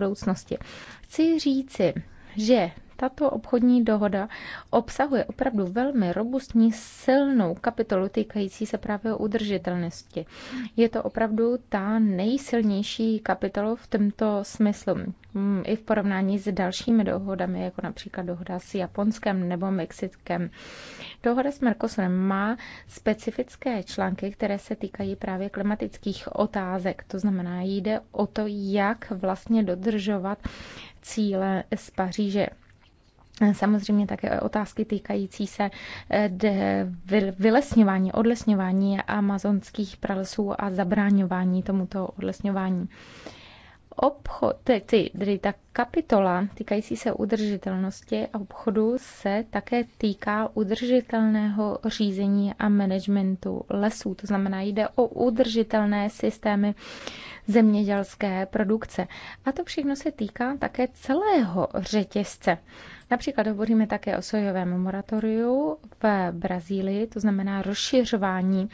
budoucnosti. Chci říci, že tato obchodní dohoda obsahuje opravdu velmi robustní, silnou kapitolu týkající se právě o udržitelnosti. Je to opravdu ta nejsilnější kapitola v tomto smyslu. Mm, I v porovnání s dalšími dohodami, jako například dohoda s Japonskem nebo Mexickem. Dohoda s Mercosurem má specifické články, které se týkají právě klimatických otázek. To znamená, jde o to, jak vlastně dodržovat cíle z Paříže. Samozřejmě také otázky týkající se eh, vylesňování, odlesňování amazonských pralesů a zabráňování tomuto odlesňování obchod, tedy, ty, ta kapitola týkající se udržitelnosti a obchodu se také týká udržitelného řízení a managementu lesů. To znamená, jde o udržitelné systémy zemědělské produkce. A to všechno se týká také celého řetězce. Například hovoříme také o sojovém moratoriu v Brazílii, to znamená rozšiřování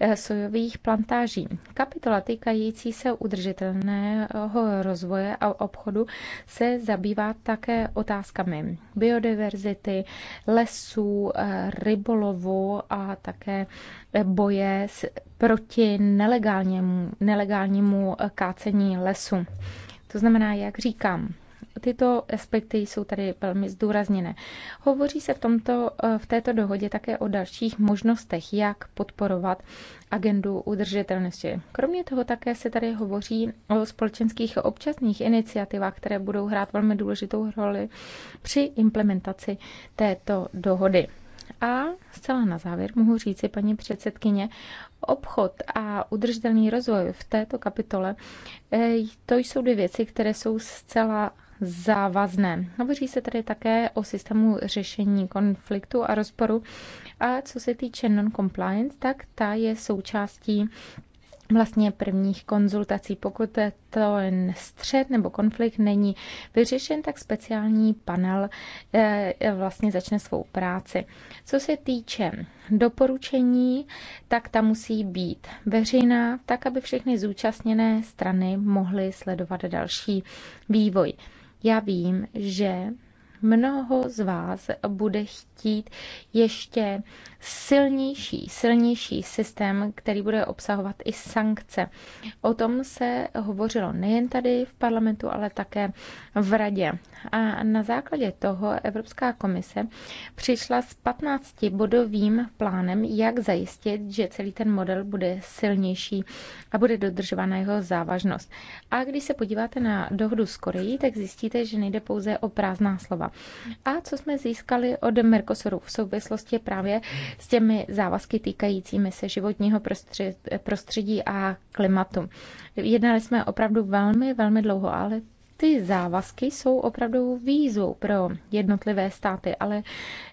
Eh, sojových plantáží. Kapitola týkající se udržitelného rozvoje a obchodu se zabývá také otázkami biodiverzity, lesů, eh, rybolovu a také eh, boje proti nelegálnímu, nelegálnímu kácení lesu. To znamená, jak říkám, tyto aspekty jsou tady velmi zdůrazněné. Hovoří se v, tomto, eh, v této dohodě také o dalších možnostech, jak podporovat agendu udržitelnosti. Kromě toho také se tady hovoří o společenských občasných iniciativách, které budou hrát velmi důležitou roli při implementaci této dohody. A zcela na závěr mohu říci, paní předsedkyně, obchod a udržitelný rozvoj v této kapitole, eh, to jsou dvě věci, které jsou zcela závazné. Hovoří se tady také o systému řešení konfliktu a rozporu. A co se týče non-compliance, tak ta je součástí vlastně prvních konzultací. Pokud to střed nebo konflikt není vyřešen, tak speciální panel eh, vlastně začne svou práci. Co se týče doporučení, tak ta musí být veřejná, tak aby všechny zúčastněné strany mohly sledovat další vývoj. Já vím, že mnoho z vás bude chtít ještě silnější, silnější systém, který bude obsahovat i sankce. O tom se hovořilo nejen tady v parlamentu, ale také v radě. A na základě toho Evropská komise přišla s 15-bodovým plánem, jak zajistit, že celý ten model bude silnější a bude dodržována jeho závažnost. A když se podíváte na dohodu s Koreí, tak zjistíte, že nejde pouze o prázdná slova a co jsme získali od Mercosuru v souvislosti právě s těmi závazky týkajícími se životního prostředí a klimatu. Jednali jsme opravdu velmi, velmi dlouho, ale ty závazky jsou opravdu výzvou pro jednotlivé státy, ale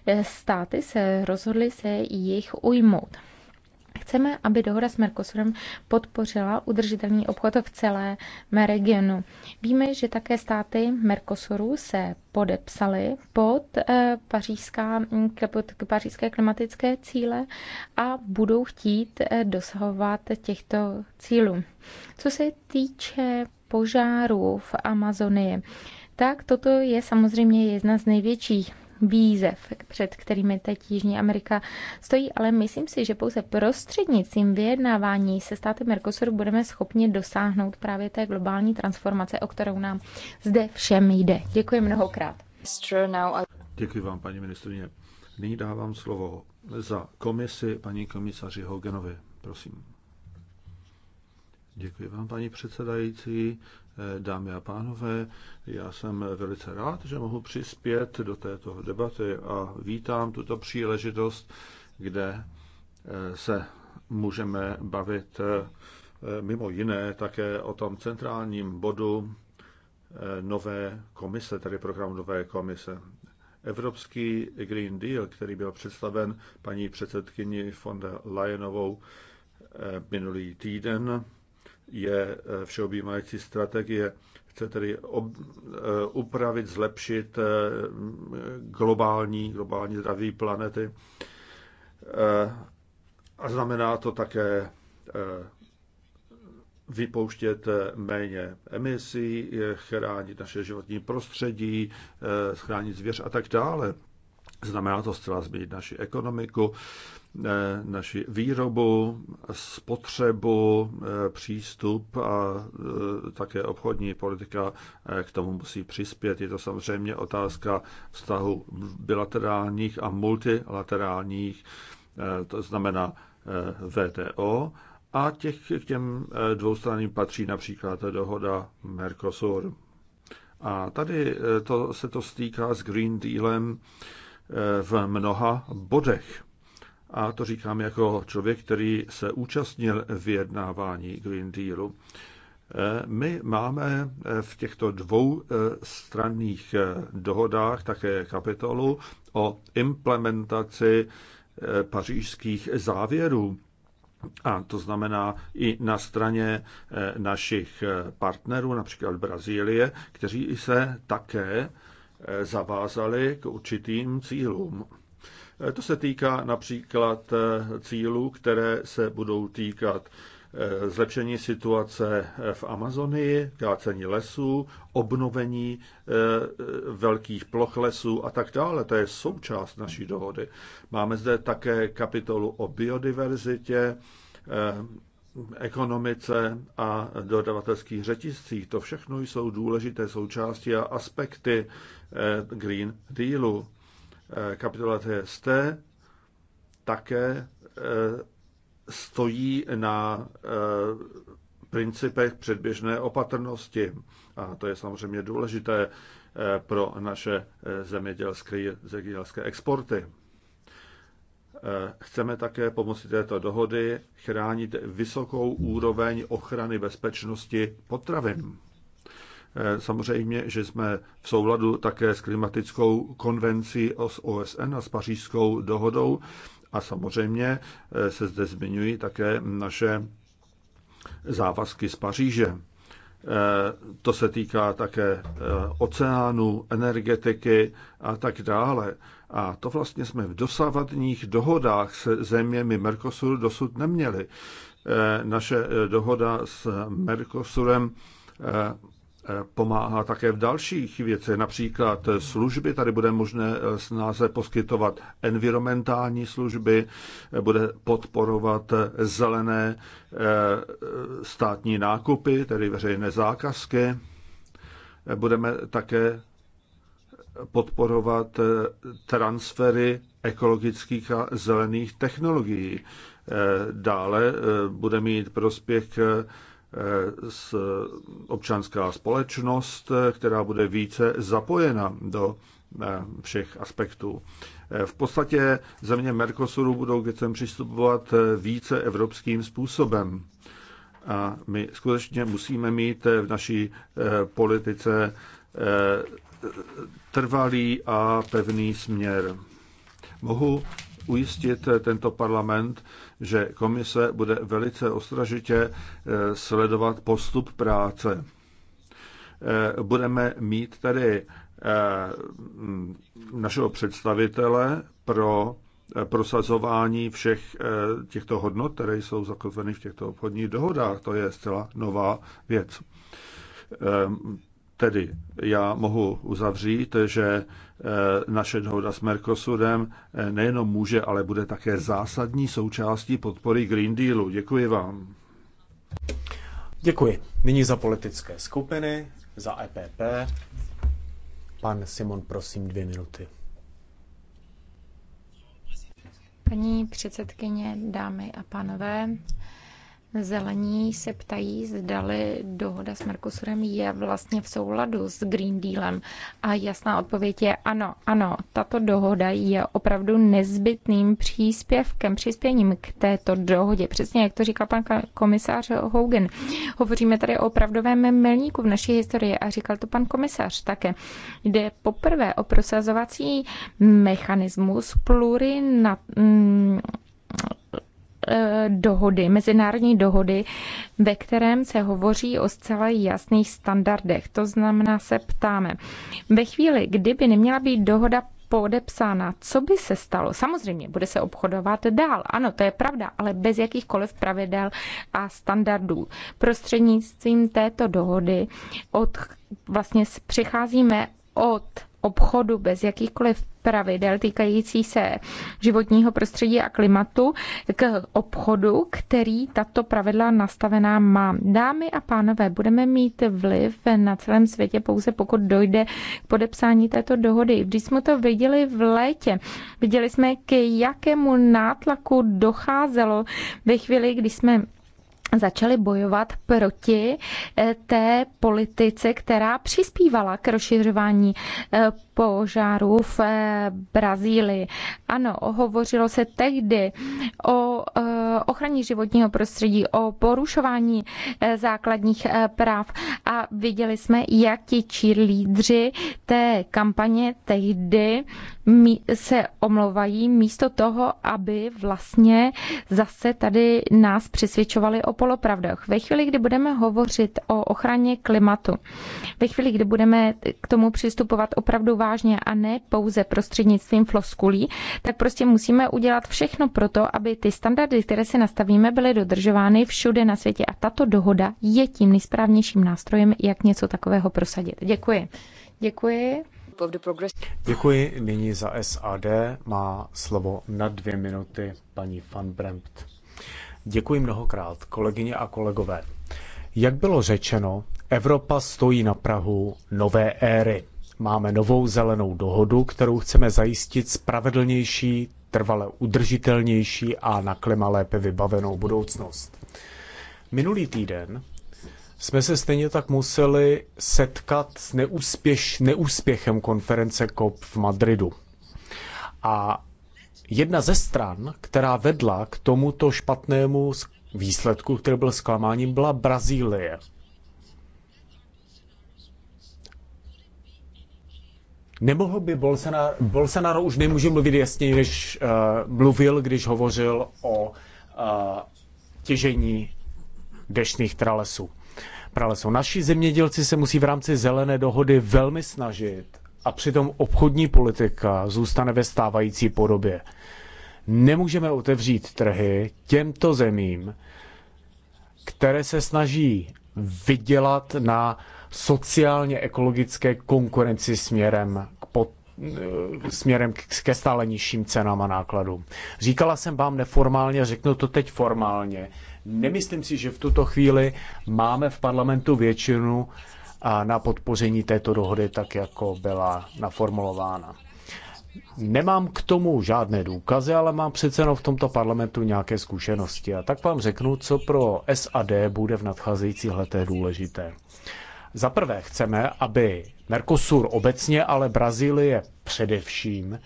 eh, státy se rozhodly se jich ujmout. Chceme, aby dohoda s Mercosurem podpořila udržitelný obchod v celé regionu. Víme, že také státy Mercosuru se podepsaly pod, eh, pařížská, pod pařížské klimatické cíle a budou chtít eh, dosahovat těchto cílů. Co se týče požárů v Amazonii, tak toto je samozřejmě jedna z největších výzev, před kterými teď Jižní Amerika stojí, ale myslím si, že pouze prostřednictvím vyjednávání se státy Mercosuru budeme schopni dosáhnout právě té globální transformace, o kterou nám zde všem jde. Děkuji mnohokrát. Děkuji vám, paní ministrině. Nyní dávám slovo za komisi paní komisaři Hogenovi. Prosím. Děkuji vám, paní předsedající. Dámy a pánové, já jsem velice rád, že mohu přispět do této debaty a vítám tuto příležitost, kde eh, se můžeme bavit eh, mimo jiné také o tom centrálním bodu eh, nové komise, tedy programu nové komise. Evropský Green Deal, který byl představen paní předsedkyni von der Leyenovou minulý týden, je eh, všeobjímající strategie. Chce tedy ob, eh, upravit, zlepšit eh, globální, globální zdraví planety. A znamená to také vypouštět méně emisí, chránit naše životní prostředí, chránit zvěř a tak dále. Znamená to zcela změnit naši ekonomiku, Eh, naši výrobu, spotřebu, eh, přístup a eh, také obchodní politika k tomu musí přispět. Je to samozřejmě otázka vztahu bilaterálních a multilaterálních, to znamená VTO, a těch k těm dvoustranným patří například dohoda Mercosur. A tady to, se to stýká s Green Dealem v mnoha bodech. A to říkám jako člověk, který se účastnil vyjednávání Green Dealu. Eh, my máme eh, v těchto dvou eh, stranných dohodách také kapitolu o implementaci pařížských závěrů. A to znamená i na straně našich partnerů, například Brazílie, kteří se také zavázali k určitým cílům. Eh, to se týká například eh, cílů, které se budou týkat eh, zlepšení situace v Amazonii, kácení lesů, obnovení velkých ploch lesů a tak dále. To je součást naší dohody. Máme zde také kapitolu o biodiverzitě, ekonomice a dodavatelských řetiscích. To všechno jsou důležité součásti a aspekty Green Dealu. Eh, kapitola TST také eh, stojí na eh, principech předběžné opatrnosti. A to je samozřejmě důležité pro naše zemědělské, zemědělské exporty. Chceme také pomocí této dohody chránit vysokou úroveň ochrany bezpečnosti potravin. Eh, samozřejmě, že jsme v souladu také s klimatickou konvencí OSN a s pařížskou dohodou a samozřejmě eh, se zde zmiňují také naše závazky z Paříže. Eh, to se týká také oceánu, energetiky a tak dále. A to vlastně jsme v dosavadních dohodách se zeměmi Mercosur dosud neměli. Naše dohoda s Mercosurem pomáhá také v dalších věcech, například služby, tady bude možné eh, snáze poskytovat environmentální služby, eh, bude podporovat eh, zelené státní nákupy, tedy veřejné zákazky. Budeme také podporovat transfery ekologických a zelených technologií. Dále bude mít prospěch s občanská společnost, která bude více zapojena do eh, všech aspektů. Eh, v podstatě země Mercosuru budou k věcem přistupovat eh, více evropským způsobem. A my skutečně musíme mít v naší politice trvalý a pevný směr. Mohu ujistit tento parlament, že komise bude velice ostražitě eh, sledovat postup práce. Eh, budeme mít tady eh, našeho představitele pro prosazování všech těchto hodnot, které jsou zakotveny v těchto obchodních dohodách. To je zcela nová věc. Tedy já mohu uzavřít, že eh, naše dohoda s Mercosurem eh, nejenom může, ale bude také zásadní součástí podpory Green Dealu. Děkuji vám. Děkuji. Nyní za politické skupiny, za EPP. Pan Simon, prosím, dvě minuty. Paní předsedkyně, dámy a pánové, Zelení se ptají, zdali dohoda s Mercosurem je vlastně v souladu s Green Dealem. A jasná odpověď je ano, ano, tato dohoda je opravdu nezbytným příspěvkem, přispěním k této dohodě. Přesně jak to říkal pan komisář Hogan. Hovoříme tady o opravdovém milníku v naší historii a říkal to pan komisář také. Jde poprvé o prosazovací mechanismus plurinat, mm, Eh, dohody, mezinárodní dohody, ve kterém se hovoří o zcela jasných standardech. To znamená, se ptáme, ve chvíli, kdyby neměla být dohoda podepsána, co by se stalo? Samozřejmě, bude se obchodovat dál. Ano, to je pravda, ale bez jakýchkoliv pravidel a standardů. Prostřednictvím této dohody od, vlastně přicházíme od obchodu bez jakýchkoliv pravidel týkající se životního prostředí a klimatu k obchodu, který tato pravidla nastavená má. Dámy a pánové, budeme mít vliv na celém světě pouze pokud dojde k podepsání této dohody. Když jsme to viděli v létě, viděli jsme, k jakému nátlaku docházelo ve chvíli, kdy jsme začali bojovat proti eh, té politice, která přispívala k rozšiřování eh, požáru v eh, Brazílii. Ano, hovořilo se tehdy o eh, ochraně životního prostředí, o porušování eh, základních práv a viděli jsme, jak ti cheerleadři té kampaně tehdy se omlouvají místo toho, aby vlastně zase tady nás přesvědčovali o polopravdách. Ve chvíli, kdy budeme hovořit o ochraně klimatu, ve chvíli, kdy budeme k tomu přistupovat opravdu vážně a ne pouze prostřednictvím floskulí, tak prostě musíme udělat všechno pro to, aby ty standardy, které si nastavíme, byly dodržovány všude na světě. A tato dohoda je tím nejsprávnějším nástrojem, jak něco takového prosadit. Děkuji. Děkuji. Děkuji. Nyní za SAD má slovo na dvě minuty paní Van Brempt. Děkuji mnohokrát, kolegyně a kolegové. Jak bylo řečeno, Evropa stojí na Prahu nové éry. Máme novou zelenou dohodu, kterou chceme zajistit spravedlnější, trvale udržitelnější a na klima lépe vybavenou budoucnost. Minulý týden jsme se stejně tak museli setkat s neúspěš, neúspěchem konference COP v Madridu. A jedna ze stran, která vedla k tomuto špatnému výsledku, který byl zklamáním, byla Brazílie. Nemohl by Bolsonaro, Bolsonaro už nemůže mluvit jasněji, než uh, mluvil, když hovořil o uh, těžení dešných tralesů. Pralesů. Naši zemědělci se musí v rámci zelené dohody velmi snažit a přitom obchodní politika zůstane ve stávající podobě. Nemůžeme otevřít trhy těmto zemím, které se snaží vydělat na uh, sociálně ekologické konkurenci směrem k pod eh, směrem ke stále nižším cenám a nákladům. Říkala jsem vám neformálně, řeknu to teď formálně. Nemyslím si, že v tuto chvíli máme v parlamentu většinu na podpoření této dohody, tak jako byla naformulována. Nemám k tomu žádné důkazy, ale mám přece jenom v tomto parlamentu nějaké zkušenosti. A tak vám řeknu, co pro SAD bude v nadcházejících letech důležité. Za prvé chceme, aby Mercosur obecně, ale Brazílie především,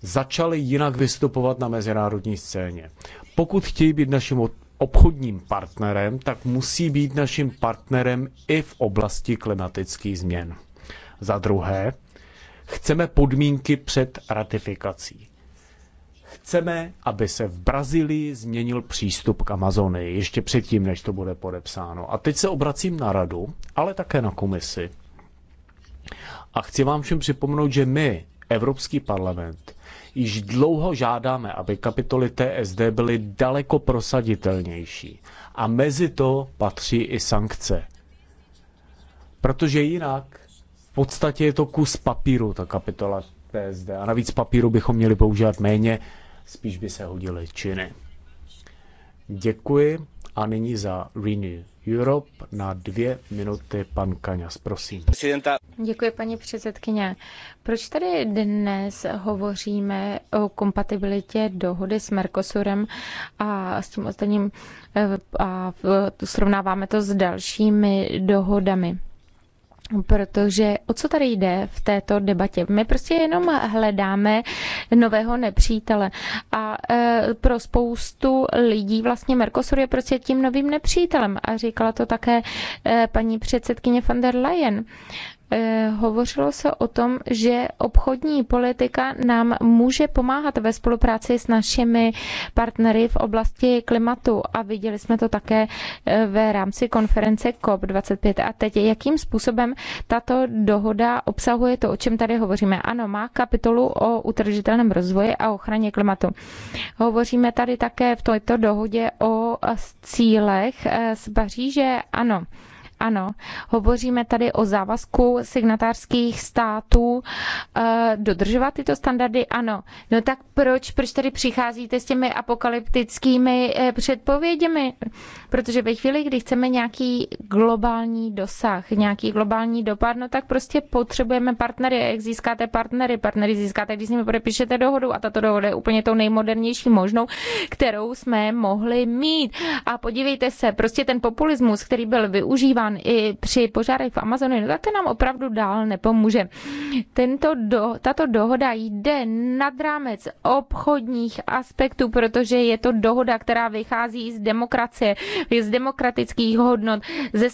začaly jinak vystupovat na mezinárodní scéně. Pokud chtějí být naším obchodním partnerem, tak musí být naším partnerem i v oblasti klimatických změn. Za druhé, chceme podmínky před ratifikací. Chceme, aby se v Brazílii změnil přístup k Amazonii ještě předtím, než to bude podepsáno. A teď se obracím na radu, ale také na komisi. A chci vám všem připomenout, že my, Evropský parlament, již dlouho žádáme, aby kapitoly TSD byly daleko prosaditelnější. A mezi to patří i sankce. Protože jinak v podstatě je to kus papíru, ta kapitola TSD. A navíc papíru bychom měli používat méně, spíš by se hodily činy. Děkuji a nyní za Renew Europe na dvě minuty pan Kaňas, prosím. Děkuji, paní předsedkyně. Proč tady dnes hovoříme o kompatibilitě dohody s Mercosurem a s tím ostatním eh, a srovnáváme to s dalšími dohodami? Protože o co tady jde v této debatě? My prostě jenom hledáme nového nepřítele a e, pro spoustu lidí vlastně Mercosur je prostě tím novým nepřítelem a říkala to také e, paní předsedkyně van der Leyen. E, Eh, hovořilo se o tom, že obchodní politika nám může pomáhat ve spolupráci s našimi partnery v oblasti klimatu a viděli jsme to také eh, v rámci konference COP25. A teď, jakým způsobem tato dohoda obsahuje to, o čem tady hovoříme? Ano, má kapitolu o utržitelném rozvoji a ochraně klimatu. Hovoříme tady také v této dohodě o eh, cílech z Paříže, ano. Ano, hovoříme tady o závazku signatářských států eh, dodržovat tyto standardy? Ano. No tak proč, proč tady přicházíte s těmi apokalyptickými eh, předpověděmi? Protože ve chvíli, kdy chceme nějaký globální dosah, nějaký globální dopad, no tak prostě potřebujeme partnery. Jak získáte partnery? Partnery získáte, když s nimi podepíšete dohodu a tato dohoda je úplně tou nejmodernější možnou, kterou jsme mohli mít. A podívejte se, prostě ten populismus, který byl využíván Amazon i při požárech v Amazonu, no tak to nám opravdu dál nepomůže. Tento do, tato dohoda jde nad rámec obchodních aspektů, protože je to dohoda, která vychází z demokracie, z demokratických hodnot, ze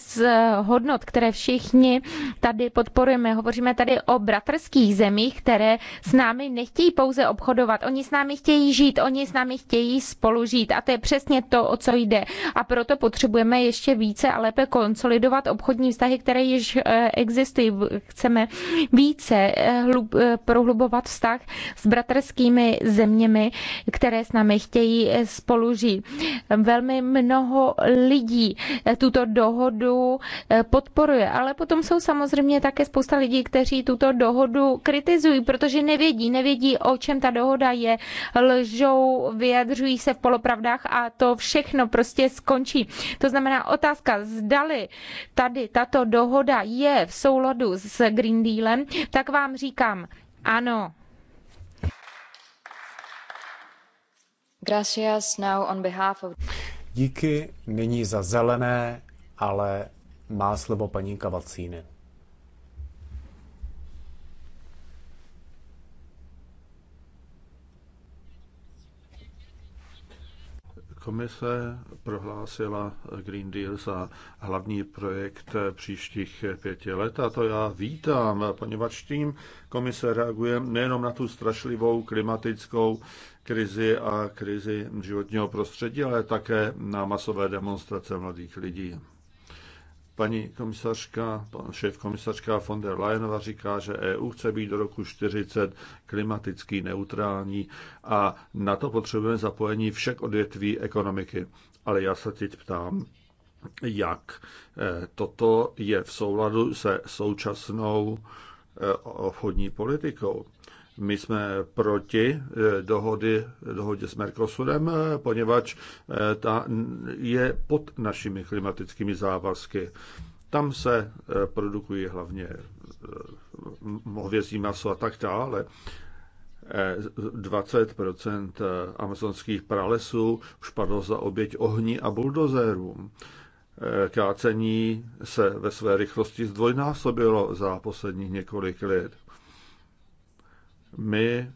hodnot, které všichni tady podporujeme. Hovoříme tady o bratrských zemích, které s námi nechtějí pouze obchodovat. Oni s námi chtějí žít, oni s námi chtějí spolužít. A to je přesně to, o co jde. A proto potřebujeme ještě více a lépe konsolidovat budovat obchodní vztahy, které již eh, existují. Chceme více eh, hlub, eh, prohlubovat vztah s bratrskými zeměmi, které s námi chtějí spolužít. Velmi mnoho lidí tuto dohodu podporuje, ale potom jsou samozřejmě také spousta lidí, kteří tuto dohodu kritizují, protože nevědí, nevědí, o čem ta dohoda je, lžou, vyjadřují se v polopravdách a to všechno prostě skončí. To znamená otázka, zdali tady tato dohoda je v souladu s Green Dealem, tak vám říkám ano. Gracias now on behalf of... Díky, nyní za zelené, ale má slovo paní Kavacíny. Komise prohlásila Green Deal za hlavní projekt příštích pěti let a to já vítám, poněvadž tím komise reaguje nejenom na tu strašlivou klimatickou krizi a krizi životního prostředí, ale také na masové demonstrace mladých lidí. Paní komisařka, šéf komisařka von der Leyenová říká, že EU chce být do roku 40 klimaticky neutrální a na to potřebujeme zapojení všech odvětví ekonomiky. Ale já se teď ptám, jak eh, toto je v souladu se současnou eh, obchodní politikou. My jsme proti eh, dohody, dohodě s Mercosurem, eh, poněvadž eh, ta je pod našimi klimatickými závazky. Tam se produkují hlavně hovězí maso a tak dále. 20 amazonských pralesů už padlo za oběť ohni a buldozérům. Kácení se ve své rychlosti zdvojnásobilo za posledních několik let. My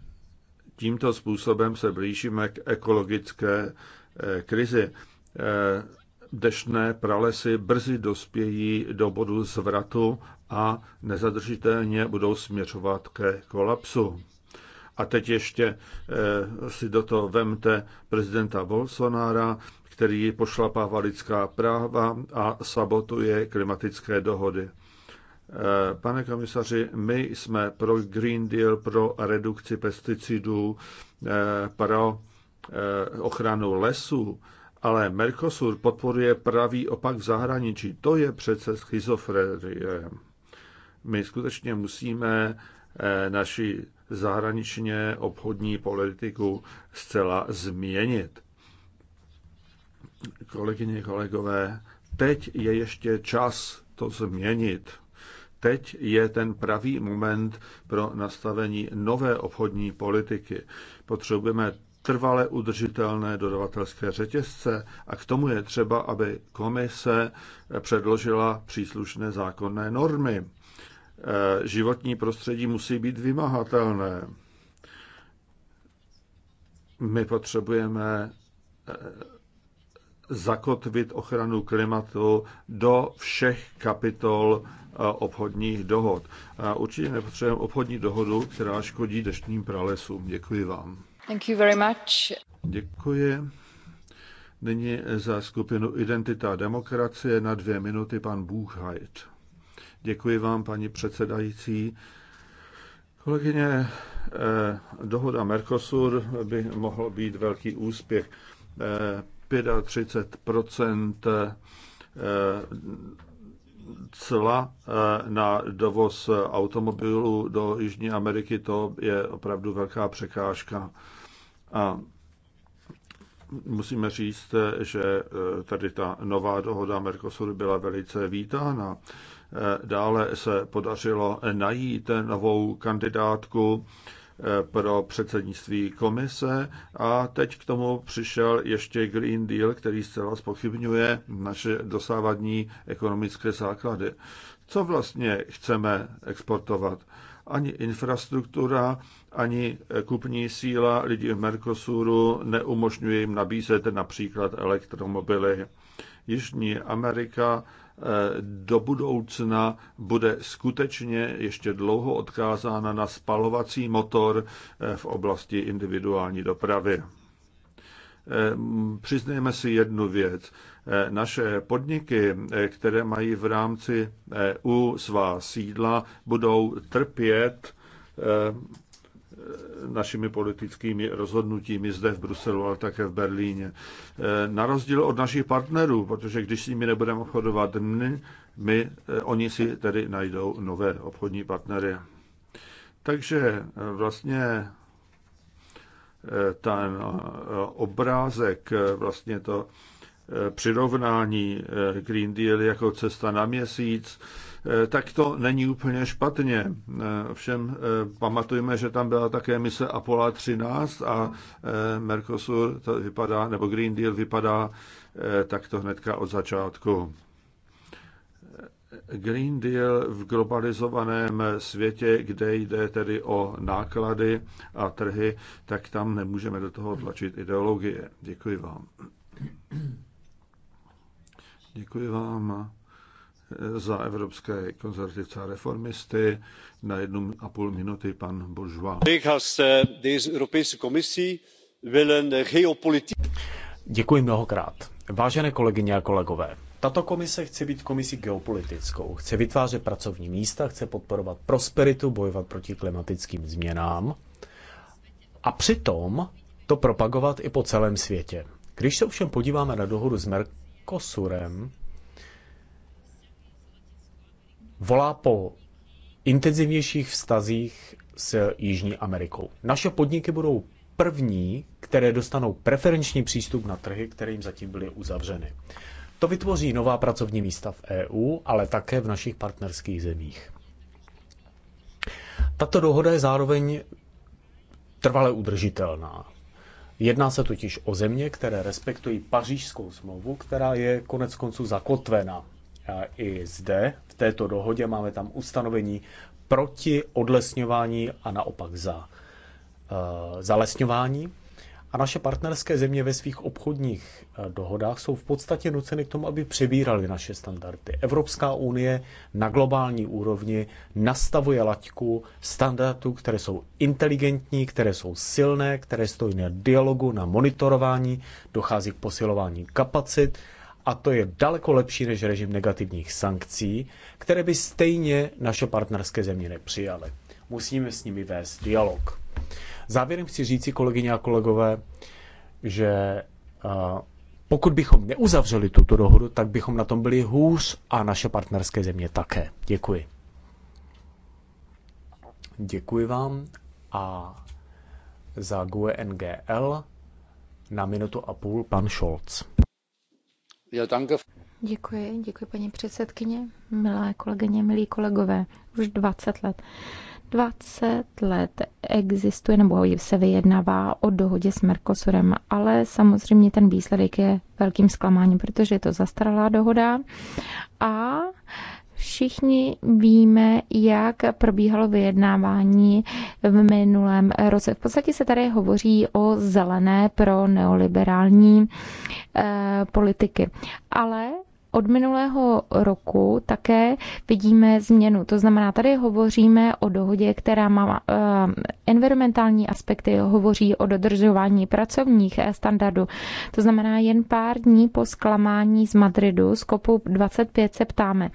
tímto způsobem se blížíme k ekologické eh, krizi. Eh, Dešné pralesy brzy dospějí do bodu zvratu a nezadržitelně budou směřovat ke kolapsu. A teď ještě eh, si do toho vemte prezidenta Bolsonára, který pošlapává lidská práva a sabotuje klimatické dohody. Eh, pane komisaři, my jsme pro Green Deal, pro redukci pesticidů, eh, pro eh, ochranu lesů, ale Mercosur podporuje pravý opak v zahraničí. To je přece schizofrenie. My skutečně musíme naši zahraničně obchodní politiku zcela změnit. Kolegyně, kolegové, teď je ještě čas to změnit teď je ten pravý moment pro nastavení nové obchodní politiky. Potřebujeme trvale udržitelné dodavatelské řetězce a k tomu je třeba, aby komise předložila příslušné zákonné normy. Eh, životní prostředí musí být vymahatelné. My potřebujeme eh, zakotvit ochranu klimatu do všech kapitol eh, obchodních dohod. Určitě nepotřebujeme obchodní dohodu, která škodí deštným pralesům. Děkuji vám. Thank you very much. Děkuji. Nyní za skupinu Identita a demokracie na dvě minuty pan Buchheit. Děkuji vám, paní předsedající. Kolegyně, eh, dohoda Mercosur by mohl být velký úspěch eh, 35 eh, cla eh, na dovoz automobilů do Jižní Ameriky, to je opravdu velká překážka. A musíme říct, eh, že tady ta nová dohoda Mercosur byla velice vítána. Dále se podařilo najít novou kandidátku pro předsednictví komise a teď k tomu přišel ještě Green Deal, který zcela spochybňuje naše dosávadní ekonomické základy. Co vlastně chceme exportovat? Ani infrastruktura, ani kupní síla lidí v Mercosuru neumožňuje jim nabízet například elektromobily. Jižní Amerika eh, do budoucna bude skutečně ještě dlouho odkázána na spalovací motor eh, v oblasti individuální dopravy. Eh, přiznejme si jednu věc. Naše podniky, které mají v rámci EU svá sídla, budou trpět našimi politickými rozhodnutími zde v Bruselu, ale také v Berlíně. E, na rozdíl od našich partnerů, protože když s nimi nebudeme obchodovat my, my e, oni si tedy najdou nové obchodní partnery. Takže e, vlastně ten obrázek, vlastně to přirovnání Green Deal jako cesta na měsíc, Eh, tak to není úplně špatně. Eh, Všem eh, pamatujeme, že tam byla také mise Apollo 13 a Mercosur to vypadá, nebo Green Deal vypadá takto hnedka od začátku. Green Deal v globalizovaném světě, kde jde tedy o náklady a trhy, tak tam nemůžeme do toho tlačit ideologie. Děkuji vám. Děkuji vám za evropské konzervativce a reformisty. Na jednu a půl minuty pan Bourgeois. Děkuji mnohokrát. Vážené kolegyně a kolegové, tato komise chce být komisí geopolitickou, chce vytvářet pracovní místa, chce podporovat prosperitu, bojovat proti klimatickým změnám a přitom to propagovat i po celém světě. Když se ovšem podíváme na dohodu s Mercosurem, volá po intenzivnějších vztazích s Jižní Amerikou. Naše podniky budou první, které dostanou preferenční přístup na trhy, které jim zatím byly uzavřeny. To vytvoří nová pracovní místa v EU, ale také v našich partnerských zemích. Tato dohoda je zároveň trvale udržitelná. Jedná se totiž o země, které respektují pařížskou smlouvu, která je konec konců zakotvena i zde, v této dohodě, máme tam ustanovení proti odlesňování a naopak za eh, zalesňování. A naše partnerské země ve svých obchodních eh, dohodách jsou v podstatě nuceny k tomu, aby přebírali naše standardy. Evropská unie na globální úrovni nastavuje laťku standardů, které jsou inteligentní, které jsou silné, které stojí na dialogu, na monitorování, dochází k posilování kapacit a to je daleko lepší než režim negativních sankcí, které by stejně naše partnerské země nepřijaly. Musíme s nimi vést dialog. Závěrem chci říci, kolegyně a kolegové, že eh, pokud bychom neuzavřeli tuto dohodu, tak bychom na tom byli hůř a naše partnerské země také. Děkuji. Děkuji vám a za GUE NGL na minutu a půl pan Scholz. Děkuji, děkuji paní předsedkyně, milé kolegyně, milí kolegové. Už 20 let. 20 let existuje nebo se vyjednává o dohodě s Mercosurem, ale samozřejmě ten výsledek je velkým zklamáním, protože je to zastaralá dohoda a Všichni víme, jak probíhalo vyjednávání v minulém roce. V podstatě se tady hovoří o zelené pro neoliberální eh, politiky. Ale od minulého roku také vidíme změnu. To znamená, tady hovoříme o dohodě, která má eh, environmentální aspekty, hovoří o dodržování pracovních eh, standardů. To znamená, jen pár dní po zklamání z Madridu z cop 25 se ptáme,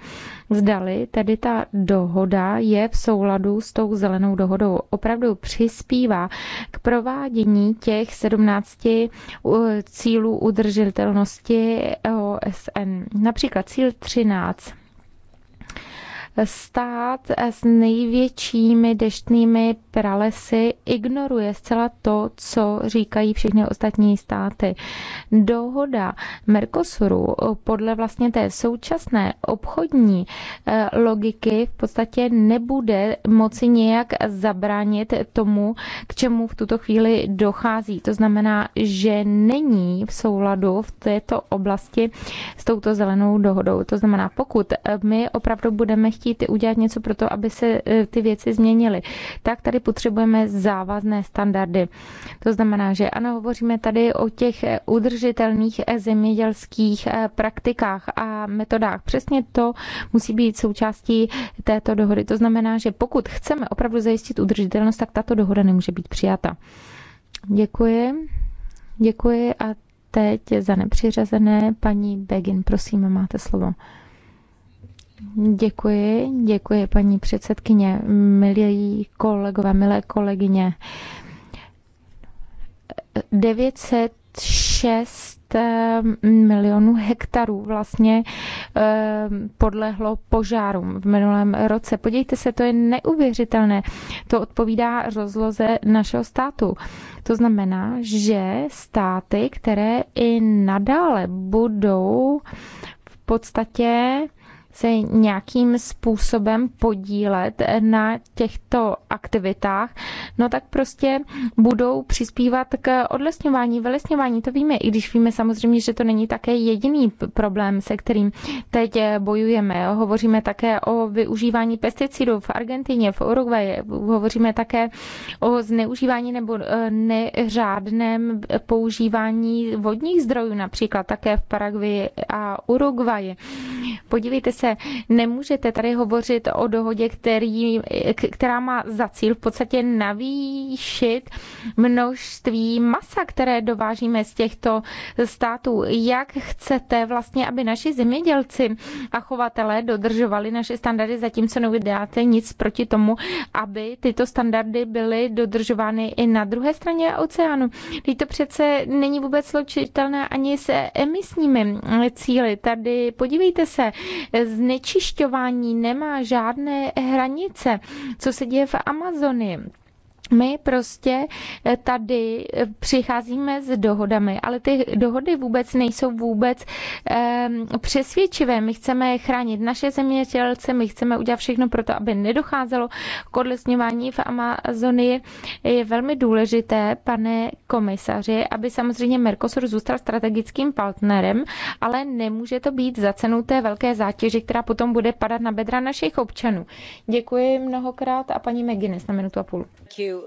zdali tedy ta dohoda je v souladu s tou zelenou dohodou. Opravdu přispívá k provádění těch 17 cílů udržitelnosti OSN. Například cíl 13 stát s největšími deštnými pralesy ignoruje zcela to, co říkají všechny ostatní státy. Dohoda Mercosuru podle vlastně té současné obchodní eh, logiky v podstatě nebude moci nějak zabránit tomu, k čemu v tuto chvíli dochází. To znamená, že není v souladu v této oblasti s touto zelenou dohodou. To znamená, pokud my opravdu budeme chtít chtít udělat něco pro to, aby se e, ty věci změnily, tak tady potřebujeme závazné standardy. To znamená, že ano, hovoříme tady o těch e, udržitelných e, zemědělských praktikách a metodách. Přesně to musí být součástí této dohody. To znamená, že pokud chceme opravdu zajistit udržitelnost, tak tato dohoda nemůže být přijata. Děkuji. Děkuji a teď za nepřiřazené paní Begin, prosím, máte slovo. Děkuji, děkuji paní předsedkyně, milí kolegové, milé kolegyně. 906 eh, milionů hektarů vlastně eh, podlehlo požárům v minulém roce. Podívejte se, to je neuvěřitelné. To odpovídá rozloze našeho státu. To znamená, že státy, které i nadále budou v podstatě se nějakým způsobem podílet na těchto aktivitách, no tak prostě budou přispívat k odlesňování, vylesňování. To víme, i když víme samozřejmě, že to není také jediný problém, se kterým teď bojujeme. Hovoříme také o využívání pesticidů v Argentině, v Uruguaye. Hovoříme také o zneužívání nebo e, neřádném používání vodních zdrojů, například také v Paraguayi a Uruguaye. Podívejte se, komise. Nemůžete tady hovořit o dohodě, který, která má za cíl v podstatě navýšit množství masa, které dovážíme z těchto států. Jak chcete vlastně, aby naši zemědělci a chovatelé dodržovali naše standardy, zatímco nevydáte nic proti tomu, aby tyto standardy byly dodržovány i na druhé straně oceánu. Teď to přece není vůbec slučitelné ani se emisními cíly. Tady podívejte se, znečišťování nemá žádné hranice. Co se děje v Amazonii? my prostě eh, tady eh, přicházíme s dohodami, ale ty dohody vůbec nejsou vůbec um, přesvědčivé. My chceme chránit naše zemědělce, my chceme udělat všechno pro to, aby nedocházelo k odlesňování v Amazonii. Je velmi důležité, pane komisaři, aby samozřejmě Mercosur zůstal strategickým partnerem, ale nemůže to být za cenu té velké zátěže, která potom bude padat na bedra našich občanů. Děkuji mnohokrát a paní McGuinness na minutu a půl. Děkuji.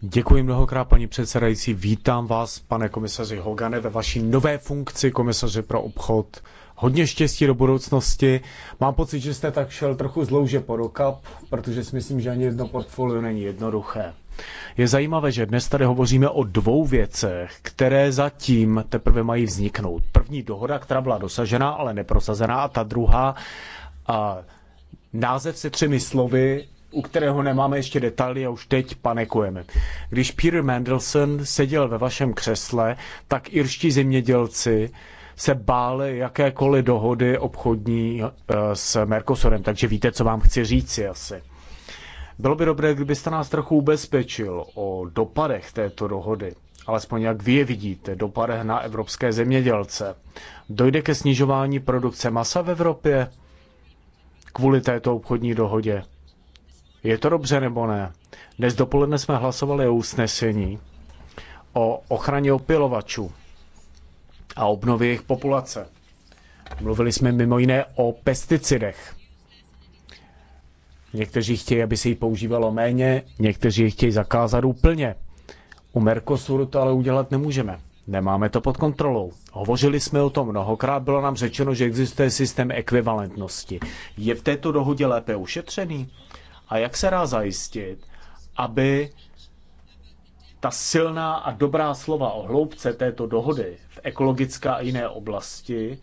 Děkuji mnohokrát, paní předsedající. Vítám vás, pane komisaři Hogane, ve vaší nové funkci komisaře pro obchod. Hodně štěstí do budoucnosti. Mám pocit, že jste tak šel trochu z po rukap, protože si myslím, že ani jedno portfolio není jednoduché. Je zajímavé, že dnes tady hovoříme o dvou věcech, které zatím teprve mají vzniknout. První dohoda, která byla dosažena, ale neprosazená, a ta druhá, a název se třemi slovy u kterého nemáme ještě detaily a už teď panikujeme. Když Peter Mendelssohn seděl ve vašem křesle, tak irští zemědělci se báli jakékoliv dohody obchodní eh, s Mercosurem, takže víte, co vám chci říct, asi. Bylo by dobré, kdybyste nás trochu ubezpečil o dopadech této dohody, alespoň jak vy je vidíte, dopadech na evropské zemědělce. Dojde ke snižování produkce masa v Evropě kvůli této obchodní dohodě? Je to dobře nebo ne? Dnes dopoledne jsme hlasovali o usnesení o ochraně opilovačů a obnově jejich populace. Mluvili jsme mimo jiné o pesticidech. Někteří chtějí, aby se jí používalo méně, někteří chtějí zakázat úplně. U Mercosuru to ale udělat nemůžeme. Nemáme to pod kontrolou. Hovořili jsme o tom mnohokrát, bylo nám řečeno, že existuje systém ekvivalentnosti. Je v této dohodě lépe ušetřený? A jak se dá zajistit, aby ta silná a dobrá slova o hloubce této dohody v ekologické a jiné oblasti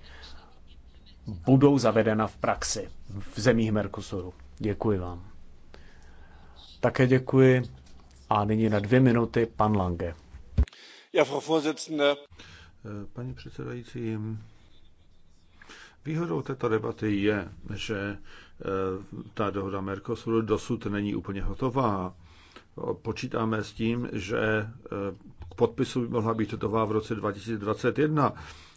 budou zavedena v praxi v zemích Mercosuru. Děkuji vám. Také děkuji. A nyní na dvě minuty pan Lange. Ja, Paní předsedající, Výhodou této debaty je, že eh, ta dohoda Mercosuru dosud není úplně hotová. Počítáme s tím, že eh, k podpisu by mohla být hotová v roce 2021.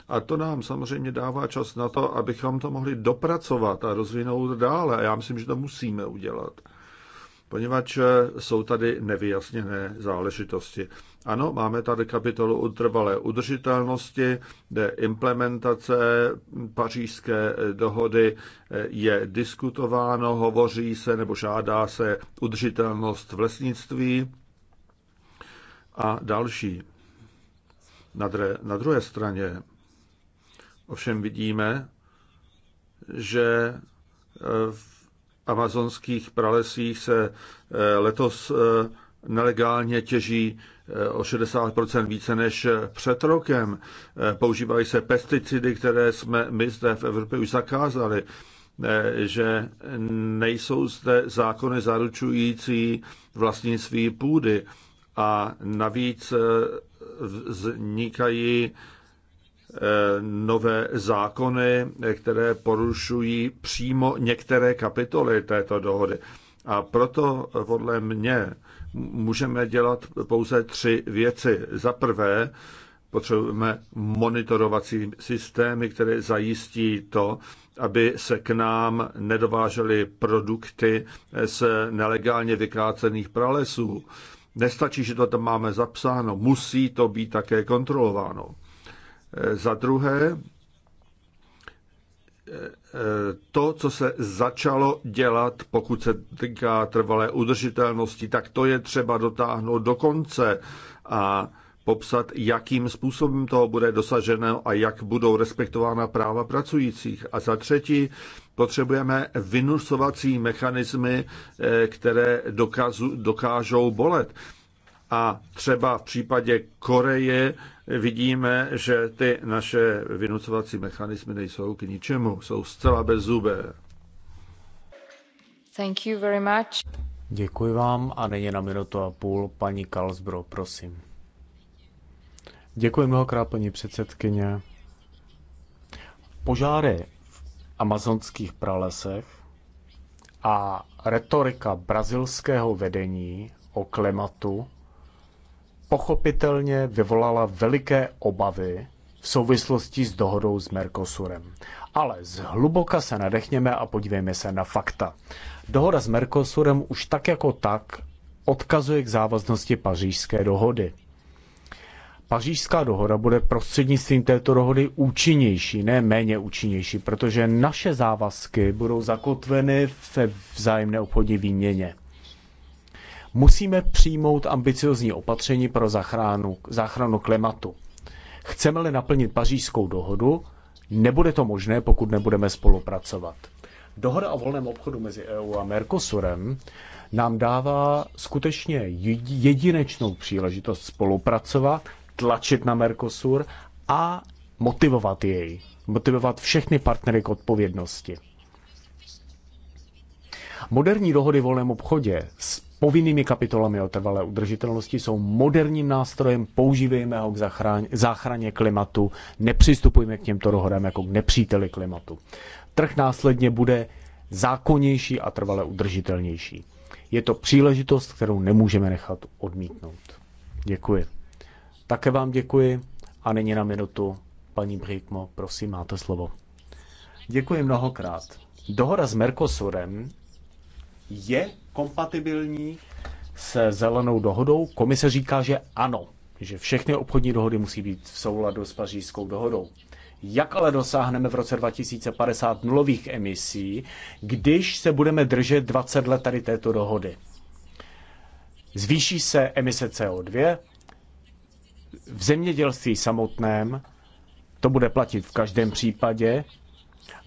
A to nám samozřejmě dává čas na to, abychom to mohli dopracovat a rozvinout dále. A já myslím, že to musíme udělat poněvadž eh, jsou tady nevyjasněné záležitosti. Ano, máme tady kapitolu utrvalé udržitelnosti, kde implementace pařížské eh, dohody eh, je diskutováno, hovoří se nebo žádá se udržitelnost v lesnictví a další. Na, dre, na druhé straně ovšem vidíme, že v amazonských pralesích se eh, letos eh, nelegálně těží eh, o 60 více než před rokem. Používají se pesticidy, které jsme my zde v Evropě už zakázali, že nejsou zde zákony zaručující vlastnictví půdy a navíc vznikají nové zákony, které porušují přímo některé kapitoly této dohody. A proto podle mě můžeme dělat pouze tři věci. Za prvé, potřebujeme monitorovací systémy, které zajistí to, aby se k nám nedovážely produkty z nelegálně vykácených pralesů. Nestačí, že to tam máme zapsáno, musí to být také kontrolováno. Eh, za druhé, eh, eh, to, co se začalo dělat, pokud se týká trvalé udržitelnosti, tak to je třeba dotáhnout do konce a popsat, jakým způsobem toho bude dosaženo a jak budou respektována práva pracujících. A za třetí, potřebujeme vynusovací mechanismy, které dokážou bolet. A třeba v případě Koreje vidíme, že ty naše vynucovací mechanismy nejsou k ničemu, jsou zcela bez zubé. Thank you very much. Děkuji vám a není na minutu a půl paní Kalsbro, prosím. Děkuji mnohokrát, paní předsedkyně. Požáry v amazonských pralesech a retorika brazilského vedení o klimatu pochopitelně vyvolala veliké obavy v souvislosti s dohodou s Mercosurem. Ale zhluboka se nadechněme a podívejme se na fakta. Dohoda s Mercosurem už tak jako tak odkazuje k závaznosti pařížské dohody. Pařížská dohoda bude prostřednictvím této dohody účinnější, ne méně účinnější, protože naše závazky budou zakotveny ve vzájemné obchodní výměně. Musíme přijmout ambiciozní opatření pro zachránu záchranu klimatu. Chceme-li naplnit pařížskou dohodu, nebude to možné, pokud nebudeme spolupracovat. Dohoda o volném obchodu mezi EU a Mercosurem nám dává skutečně jedinečnou příležitost spolupracovat, tlačit na Mercosur a motivovat jej, motivovat všechny partnery k odpovědnosti. Moderní dohody o volném obchodě povinnými kapitolami o trvalé udržitelnosti jsou moderním nástrojem, používejme ho k záchraně klimatu, nepřistupujme k těmto dohodám jako k nepříteli klimatu. Trh následně bude zákonnější a trvale udržitelnější. Je to příležitost, kterou nemůžeme nechat odmítnout. Děkuji. Také vám děkuji a nyní na minutu paní Brikmo, prosím, máte slovo. Děkuji mnohokrát. Dohoda s Mercosurem je kompatibilní se zelenou dohodou. Komise říká, že ano, že všechny obchodní dohody musí být v souladu s pařížskou dohodou. Jak ale dosáhneme v roce 2050 nulových emisí, když se budeme držet 20 let tady této dohody? Zvýší se emise CO2, v zemědělství samotném to bude platit v každém případě,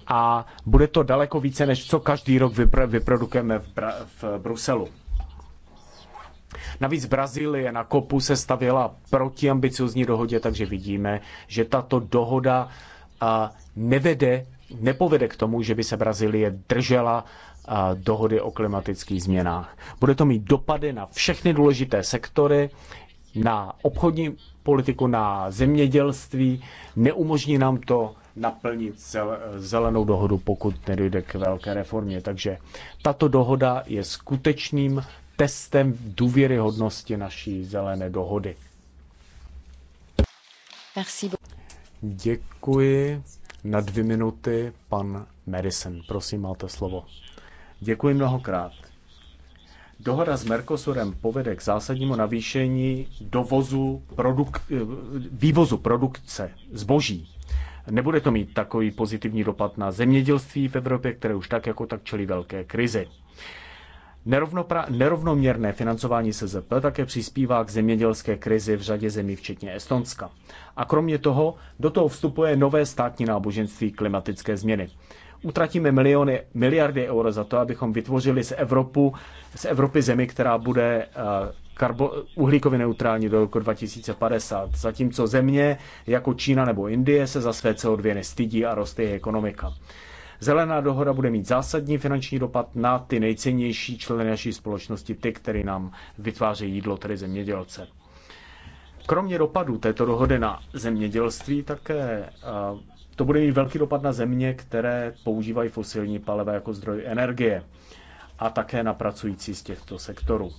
a bude to daleko více, než co každý rok vyprodukujeme v, Bra- v Bruselu. Navíc Brazílie na kopu se stavěla proti ambiciozní dohodě, takže vidíme, že tato dohoda nevede, nepovede k tomu, že by se Brazílie držela dohody o klimatických změnách. Bude to mít dopady na všechny důležité sektory, na obchodní politiku, na zemědělství. Neumožní nám to naplnit cel, zelenou dohodu, pokud nedojde k velké reformě. Takže tato dohoda je skutečným testem důvěryhodnosti naší zelené dohody. Merci. Děkuji. Na dvě minuty pan Madison. Prosím, máte slovo. Děkuji mnohokrát. Dohoda s Mercosurem povede k zásadnímu navýšení dovozu produk- vývozu produkce zboží Nebude to mít takový pozitivní dopad na zemědělství v Evropě, které už tak jako tak čelí velké krizi. Nerovnoměrné financování SZP také přispívá k zemědělské krizi v řadě zemí, včetně Estonska. A kromě toho do toho vstupuje nové státní náboženství klimatické změny. Utratíme miliony, miliardy euro za to, abychom vytvořili z, Evropu, z Evropy zemi, která bude eh, karbo, uhlíkově neutrální do roku 2050, zatímco země jako Čína nebo Indie se za své CO2 nestydí a roste jejich ekonomika. Zelená dohoda bude mít zásadní finanční dopad na ty nejcennější členy naší společnosti, ty, které nám vytvářejí jídlo, tedy zemědělce. Kromě dopadů této dohody na zemědělství také to bude mít velký dopad na země, které používají fosilní paliva jako zdroj energie a také na pracující z těchto sektorů.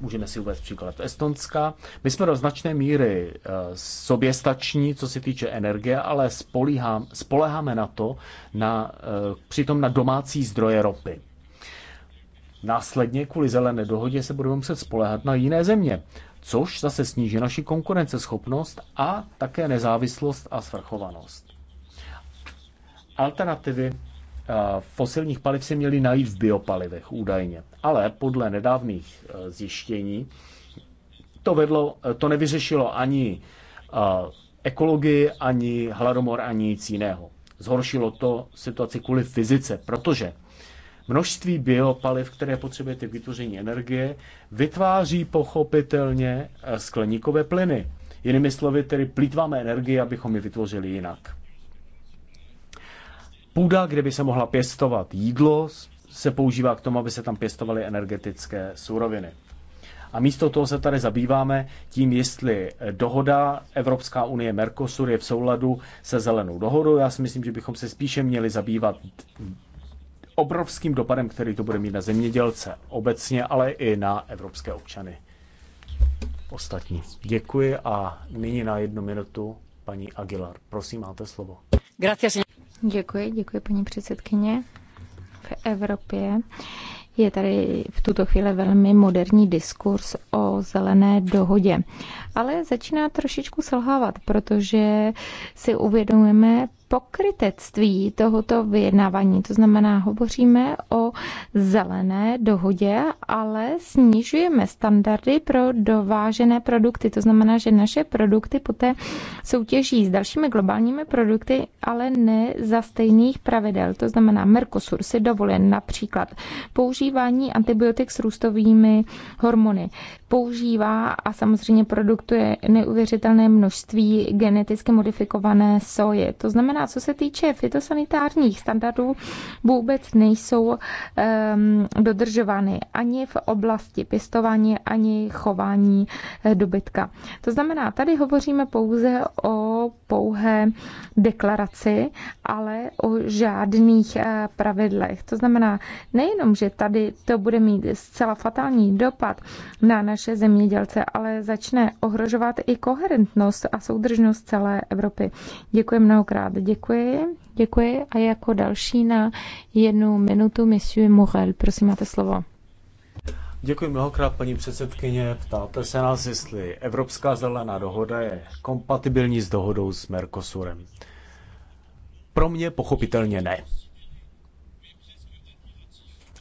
Můžeme si uvést příklad Estonska. My jsme do značné míry eh, soběstační, co se týče energie, ale spolíhám, spoleháme na to, na, eh, přitom na domácí zdroje ropy. Následně kvůli zelené dohodě se budeme muset spolehat na jiné země, což zase sníží naši konkurenceschopnost a také nezávislost a svrchovanost. Alternativy Eh, fosilních paliv se měly najít v biopalivech údajně. Ale podle nedávných eh, zjištění to, vedlo, eh, to nevyřešilo ani ekologii, ani hladomor, ani nic jiného. Zhoršilo to situaci kvůli fyzice, protože množství biopaliv, které potřebujete k vytvoření energie, vytváří pochopitelně skleníkové plyny. Jinými slovy, tedy plítváme energii, abychom ji vytvořili jinak. Půda, kde by se mohla pěstovat jídlo, se používá k tomu, aby se tam pěstovaly energetické suroviny. A místo toho se tady zabýváme tím, jestli dohoda Evropská unie Mercosur je v souladu se zelenou dohodou. Já si myslím, že bychom se spíše měli zabývat obrovským dopadem, který to bude mít na zemědělce obecně, ale i na evropské občany ostatní. Děkuji a nyní na jednu minutu paní Aguilar. Prosím, máte slovo. Gracias. Děkuji, děkuji paní předsedkyně. V Evropě je tady v tuto chvíli velmi moderní diskurs o zelené dohodě. Ale začíná trošičku selhávat, protože si uvědomujeme, pokrytectví tohoto vyjednávání. To znamená, hovoříme o zelené dohodě, ale snižujeme standardy pro dovážené produkty. To znamená, že naše produkty poté soutěží s dalšími globálními produkty, ale ne za stejných pravidel. To znamená, Mercosur si dovolil například používání antibiotik s růstovými hormony používá a samozřejmě produktuje neuvěřitelné množství geneticky modifikované soje. To znamená, co se týče fitosanitárních standardů, vůbec nejsou um, dodržovány ani v oblasti pěstování, ani chování eh, dobytka. To znamená, tady hovoříme pouze o pouhé deklaraci, ale o žádných eh, pravidlech. To znamená, nejenom, že tady to bude mít zcela fatální dopad na naše naše zemědělce, ale začne ohrožovat i koherentnost a soudržnost celé Evropy. Děkuji mnohokrát. Děkuji. Děkuji. A jako další na jednu minutu Monsieur Morel. Prosím, máte slovo. Děkuji mnohokrát, paní předsedkyně. Ptáte se nás, jestli Evropská zelená dohoda je kompatibilní s dohodou s Mercosurem. Pro mě pochopitelně ne.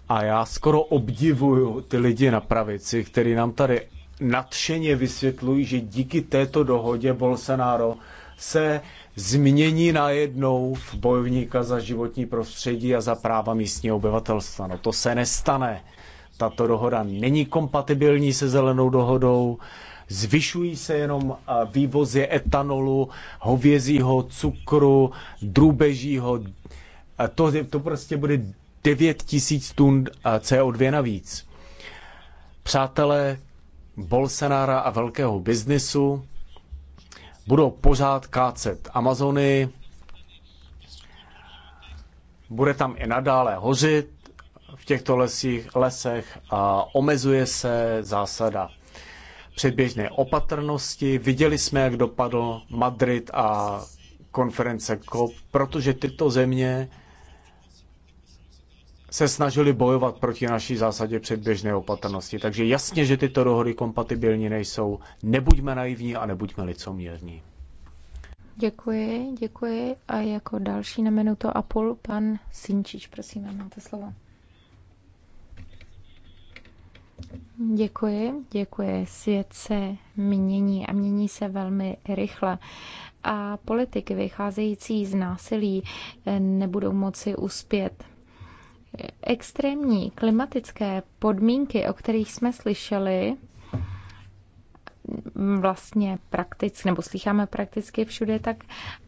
A já skoro obdivuju ty lidi na pravici, kteří nám tady nadšeně vysvětlují, že díky této dohodě Bolsonaro se změní najednou v bojovníka za životní prostředí a za práva místního obyvatelstva. No to se nestane. Tato dohoda není kompatibilní se zelenou dohodou, zvyšují se jenom vývozy etanolu, hovězího, cukru, drůbežího. To, to prostě bude 9 tisíc tun eh, CO2 navíc. Přátelé Bolsonára a velkého biznisu budou pořád kácet Amazony, bude tam i nadále hořit v těchto lesích, lesech a omezuje se zásada předběžné opatrnosti. Viděli jsme, jak dopadl Madrid a konference COP, protože tyto země se snažili bojovat proti naší zásadě předběžné opatrnosti. Takže jasně, že tyto dohody kompatibilní nejsou. Nebuďme naivní a nebuďme licoměrní. Děkuji, děkuji. A jako další na minutu a půl pan Sinčič, prosím, máte slovo. Děkuji, děkuji. Svět se mění a mění se velmi rychle. A politiky vycházející z násilí eh, nebudou moci uspět Extrémní klimatické podmínky, o kterých jsme slyšeli, vlastně prakticky, nebo slycháme prakticky všude, tak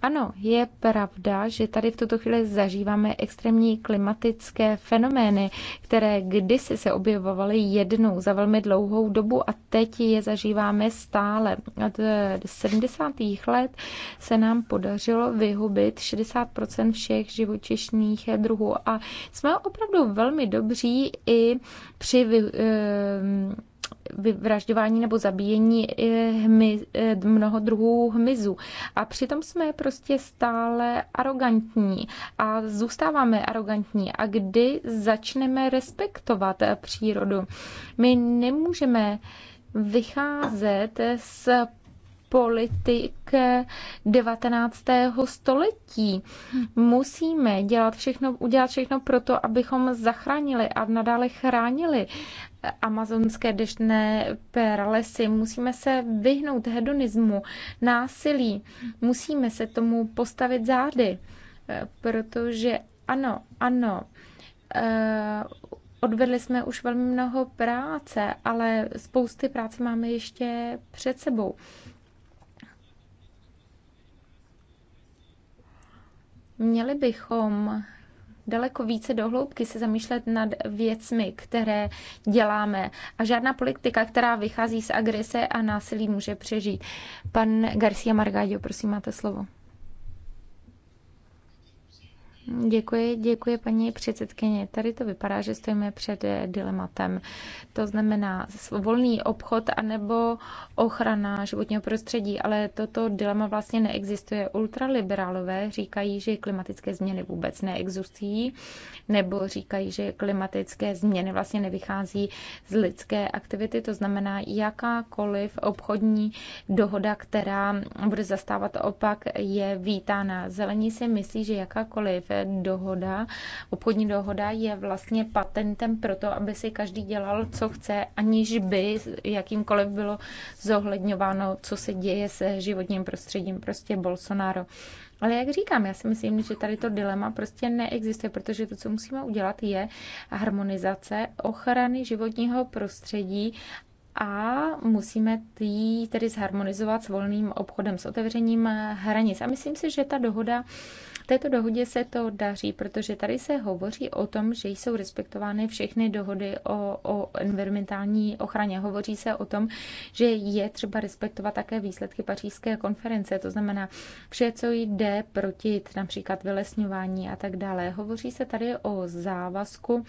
ano, je pravda, že tady v tuto chvíli zažíváme extrémní klimatické fenomény, které kdysi se objevovaly jednou za velmi dlouhou dobu a teď je zažíváme stále. Od 70. Eh, let se nám podařilo vyhubit 60% všech živočišných druhů a jsme opravdu velmi dobří i při eh, vyvražďování nebo zabíjení eh, hmyz, eh, mnoho druhů hmyzu. A přitom jsme prostě stále arrogantní a zůstáváme arrogantní. A kdy začneme respektovat přírodu? My nemůžeme vycházet z politik 19. století. Musíme dělat všechno, udělat všechno pro to, abychom zachránili a nadále chránili amazonské deštné pralesy. Musíme se vyhnout hedonismu, násilí. Musíme se tomu postavit zády, eh, protože ano, ano, eh, odvedli jsme už velmi mnoho práce, ale spousty práce máme ještě před sebou. Měli bychom daleko více dohloubky se zamýšlet nad věcmi, které děláme. A žádná politika, která vychází z agrese a násilí, může přežít. Pan Garcia Margallo, prosím, máte slovo. Děkuji, děkuji paní předsedkyně. Tady to vypadá, že stojíme před eh, dilematem. To znamená volný obchod anebo ochrana životního prostředí, ale toto dilema vlastně neexistuje. Ultraliberálové říkají, že klimatické změny vůbec neexistují, nebo říkají, že klimatické změny vlastně nevychází z lidské aktivity, to znamená jakákoliv obchodní dohoda, která bude zastávat opak, je vítána. Zelení si myslí, že jakákoliv dohoda, obchodní dohoda je vlastně patentem pro to, aby si každý dělal, co chce, aniž by jakýmkoliv bylo zohledňováno, co se děje se životním prostředím, prostě Bolsonaro. Ale jak říkám, já si myslím, že tady to dilema prostě neexistuje, protože to, co musíme udělat, je harmonizace ochrany životního prostředí a musíme ji tedy zharmonizovat s volným obchodem, s otevřením hranic. A myslím si, že ta dohoda této dohodě se to daří, protože tady se hovoří o tom, že jsou respektovány všechny dohody o, o environmentální ochraně. Hovoří se o tom, že je třeba respektovat také výsledky pařížské konference, to znamená vše, co jde proti například vylesňování a tak dále. Hovoří se tady o závazku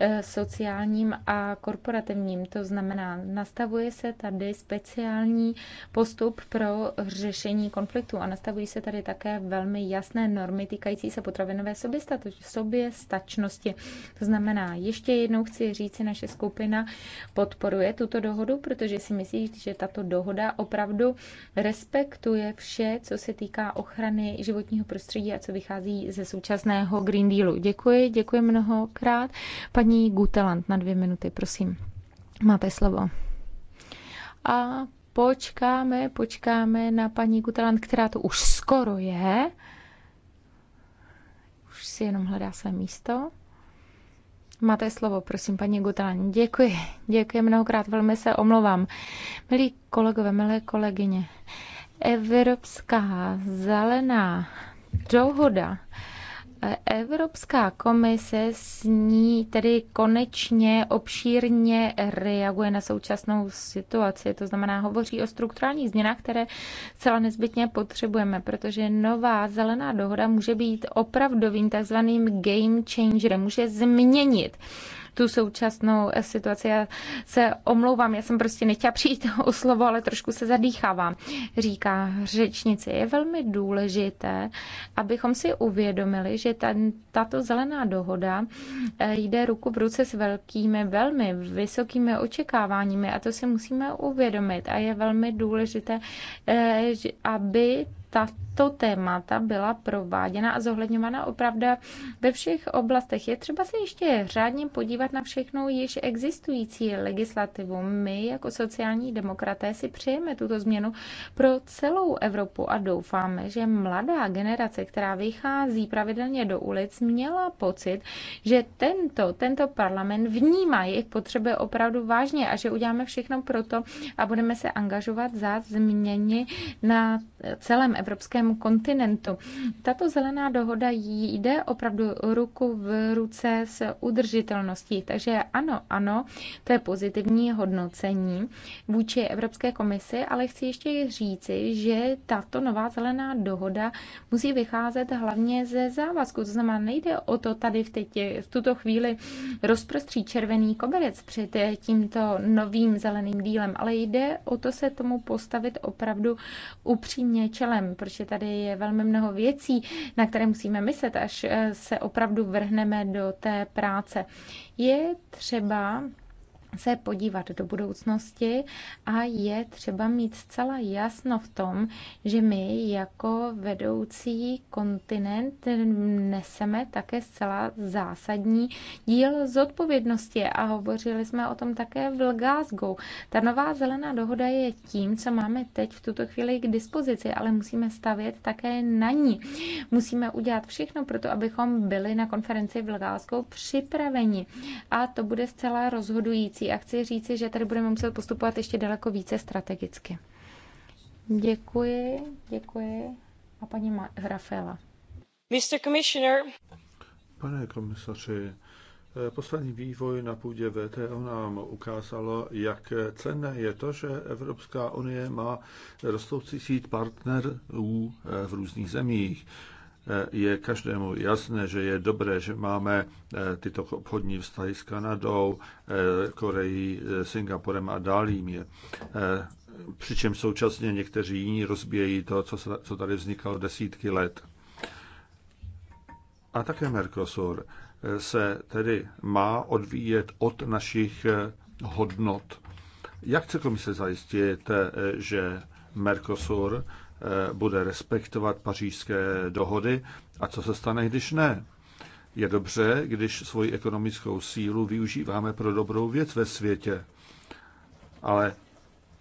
eh, sociálním a korporativním, to znamená, nastavuje se tady speciální postup pro řešení konfliktu a nastavují se tady také velmi jasné normy normy týkající se potravinové soběstačnosti. To znamená, ještě jednou chci říci, naše skupina podporuje tuto dohodu, protože si myslí, že tato dohoda opravdu respektuje vše, co se týká ochrany životního prostředí a co vychází ze současného Green Dealu. Děkuji, děkuji mnohokrát. Paní Guteland na dvě minuty, prosím. Máte slovo. A počkáme, počkáme na paní Gutelant, která to už skoro je si jenom hledá své místo. Máte slovo, prosím, paní Gután. Děkuji, děkuji mnohokrát, velmi se omlouvám. Milí kolegové, milé kolegyně, Evropská zelená dohoda Evropská komise s ní tedy konečně obšírně reaguje na současnou situaci, to znamená hovoří o strukturálních změnách, které celá nezbytně potřebujeme, protože nová zelená dohoda může být opravdovým takzvaným game changerem, může změnit tu současnou eh, situaci. Já se omlouvám, já jsem prostě nechtěla přijít o slovo, ale trošku se zadýchávám, říká řečnice. Je velmi důležité, abychom si uvědomili, že ta, tato zelená dohoda eh, jde ruku v ruce s velkými, velmi vysokými očekáváními a to si musíme uvědomit a je velmi důležité, eh, aby tato témata byla prováděna a zohledňována opravdu ve všech oblastech. Je třeba se ještě řádně podívat na všechnou již existující legislativu. My jako sociální demokraté si přejeme tuto změnu pro celou Evropu a doufáme, že mladá generace, která vychází pravidelně do ulic, měla pocit, že tento, tento parlament vnímá jejich potřeby opravdu vážně a že uděláme všechno pro to a budeme se angažovat za změny na celém Evropě evropském kontinentu. Tato zelená dohoda jde opravdu ruku v ruce s udržitelností. Takže ano, ano, to je pozitivní hodnocení vůči Evropské komisi, ale chci ještě říci, že tato nová zelená dohoda musí vycházet hlavně ze závazku. To znamená, nejde o to tady v, teď, v tuto chvíli rozprostří červený koberec před tímto novým zeleným dílem, ale jde o to se tomu postavit opravdu upřímně čelem problém, protože tady je velmi mnoho věcí, na které musíme myslet, až eh, se opravdu vrhneme do té práce. Je třeba se podívat do budoucnosti a je třeba mít zcela jasno v tom, že my jako vedoucí kontinent neseme také zcela zásadní díl zodpovědnosti a hovořili jsme o tom také v Lgázgu. Ta nová zelená dohoda je tím, co máme teď v tuto chvíli k dispozici, ale musíme stavět také na ní. Musíme udělat všechno pro to, abychom byli na konferenci v Lgázgu připraveni a to bude zcela rozhodující a chci říci, že tady budeme muset postupovat ještě daleko více strategicky. Děkuji, děkuji. A paní Rafaela. Mr. Commissioner. Pane komisaři, Poslední vývoj na půdě VTO nám ukázalo, jak cenné je to, že Evropská unie má rostoucí síť partnerů v různých zemích je každému jasné, že je dobré, že máme eh, tyto obchodní vztahy s Kanadou, eh, Koreí, eh, Singapurem a dalými. Přičem současně někteří jiní rozbějí to, co tady vznikalo desítky let. A také Mercosur se tedy má odvíjet od našich hodnot. Jak chce komise zajistit, že Mercosur Eh, bude respektovat pařížské dohody a co se stane, když ne. Je dobře, když svoji ekonomickou sílu využíváme pro dobrou věc ve světě. Ale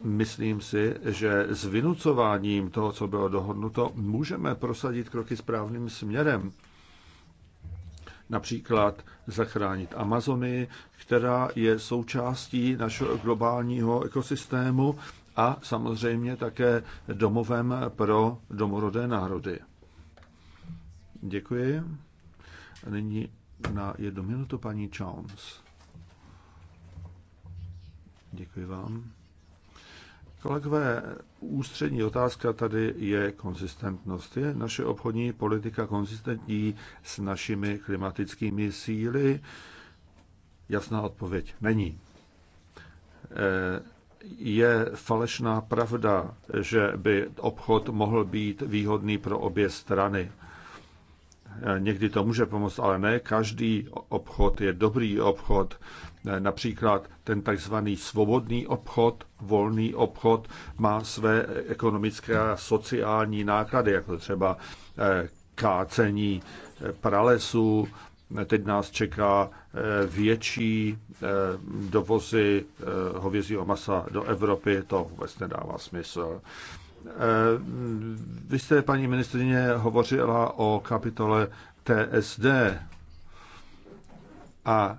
myslím si, že s vynucováním toho, co bylo dohodnuto, můžeme prosadit kroky správným směrem. Například zachránit Amazonii, která je součástí našeho globálního ekosystému a samozřejmě také domovem pro domorodé národy. Děkuji. A nyní na jednu minutu paní Jones. Děkuji vám. Kolegové, ústřední otázka tady je konzistentnost. Je naše obchodní politika konzistentní s našimi klimatickými síly? Jasná odpověď není. Eh, je falešná pravda, že by obchod mohl být výhodný pro obě strany. Někdy to může pomoct, ale ne každý obchod je dobrý obchod. Například ten takzvaný svobodný obchod, volný obchod má své ekonomické a sociální náklady, jako třeba eh, kácení pralesů, Teď nás čeká eh, větší eh, dovozy eh, hovězího masa do Evropy, to vůbec nedává smysl. Vy jste, paní ministrině, hovořila o kapitole TSD a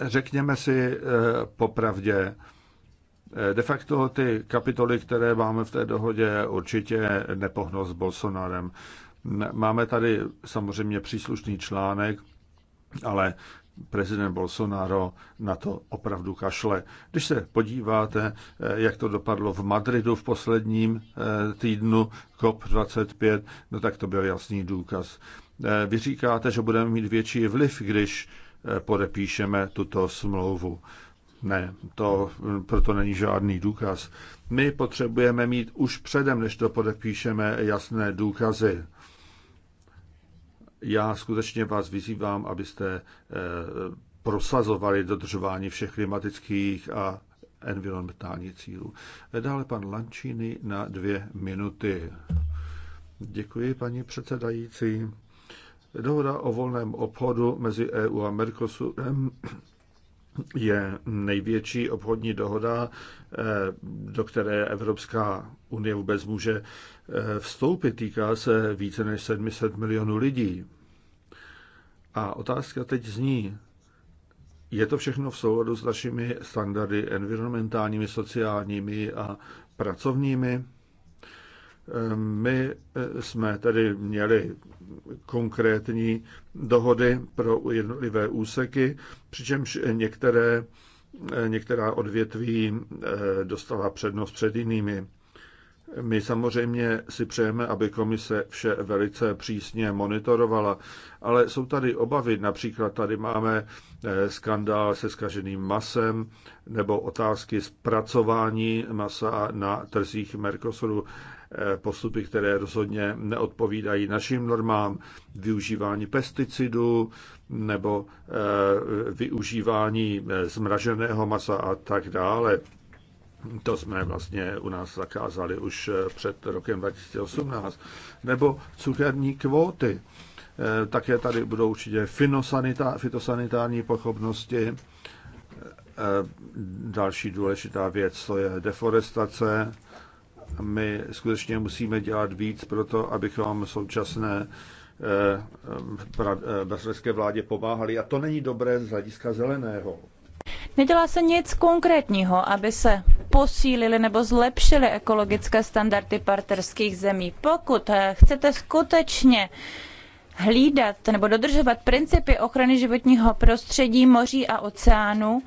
řekněme si popravdě, De facto ty kapitoly, které máme v té dohodě, určitě nepohnou s Bolsonarem. Máme tady samozřejmě příslušný článek, ale prezident Bolsonaro na to opravdu kašle. Když se podíváte, eh, jak to dopadlo v Madridu v posledním eh, týdnu COP25, no tak to byl jasný důkaz. Eh, vy říkáte, že budeme mít větší vliv, když podepíšeme tuto smlouvu. Ne, to hm, proto není žádný důkaz. My potřebujeme mít už předem, než to podepíšeme, jasné důkazy já skutečně vás vyzývám, abyste eh, prosazovali dodržování všech klimatických a environmentálních cílů. Dále pan Lančíny na dvě minuty. Děkuji, paní předsedající. Dohoda o volném obchodu mezi EU a Mercosurem je největší obchodní dohoda, eh, do které Evropská unie vůbec může eh, vstoupit. Týká se více než 700 milionů lidí. A otázka teď zní, je to všechno v souladu s našimi standardy environmentálními, sociálními a pracovními? My eh, jsme tedy měli konkrétní dohody pro jednotlivé úseky, přičemž některé, eh, některá odvětví eh, dostala přednost před jinými. My samozřejmě si přejeme, aby komise vše velice přísně monitorovala, ale jsou tady obavy. Například tady máme skandál se skaženým masem nebo otázky zpracování masa na trzích Mercosuru. Eh, postupy, které rozhodně neodpovídají našim normám, využívání pesticidů nebo eh, využívání eh, zmraženého masa a tak dále. To jsme vlastně u nás zakázali už před rokem 2018. Nebo cukerní kvóty. Také tady budou určitě fitosanitární pochopnosti. Další důležitá věc to je deforestace my skutečně musíme dělat víc pro to, abychom současné eh, eh, brazilské vládě pomáhali. A to není dobré z hlediska zeleného. Nedělá se nic konkrétního, aby se posílili nebo zlepšili ekologické standardy partnerských zemí. Pokud eh, chcete skutečně hlídat nebo dodržovat principy ochrany životního prostředí, moří a oceánu,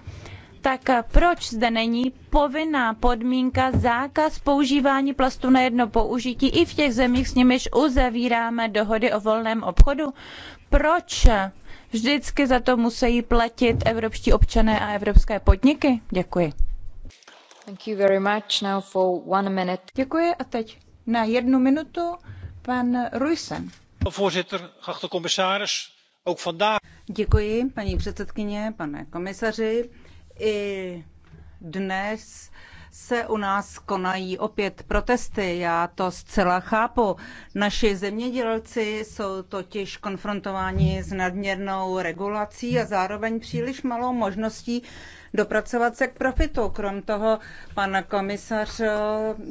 tak proč zde není povinná podmínka zákaz používání plastu na jedno použití i v těch zemích, s nimiž uzavíráme dohody o volném obchodu? Proč vždycky za to musí platit evropští občané a evropské podniky? Děkuji. Thank you very much. Now for one minute. Děkuji a teď na jednu minutu pan Ruisen. Voorzitter, geachte commissaris, ook vandaag. Děkuji, paní předsedkyně, pane komisaři. I dnes se u nás konají opět protesty. Já to zcela chápu. Naši zemědělci jsou totiž konfrontováni s nadměrnou regulací a zároveň příliš malou možností dopracovat se k profitu. Krom toho pan komisař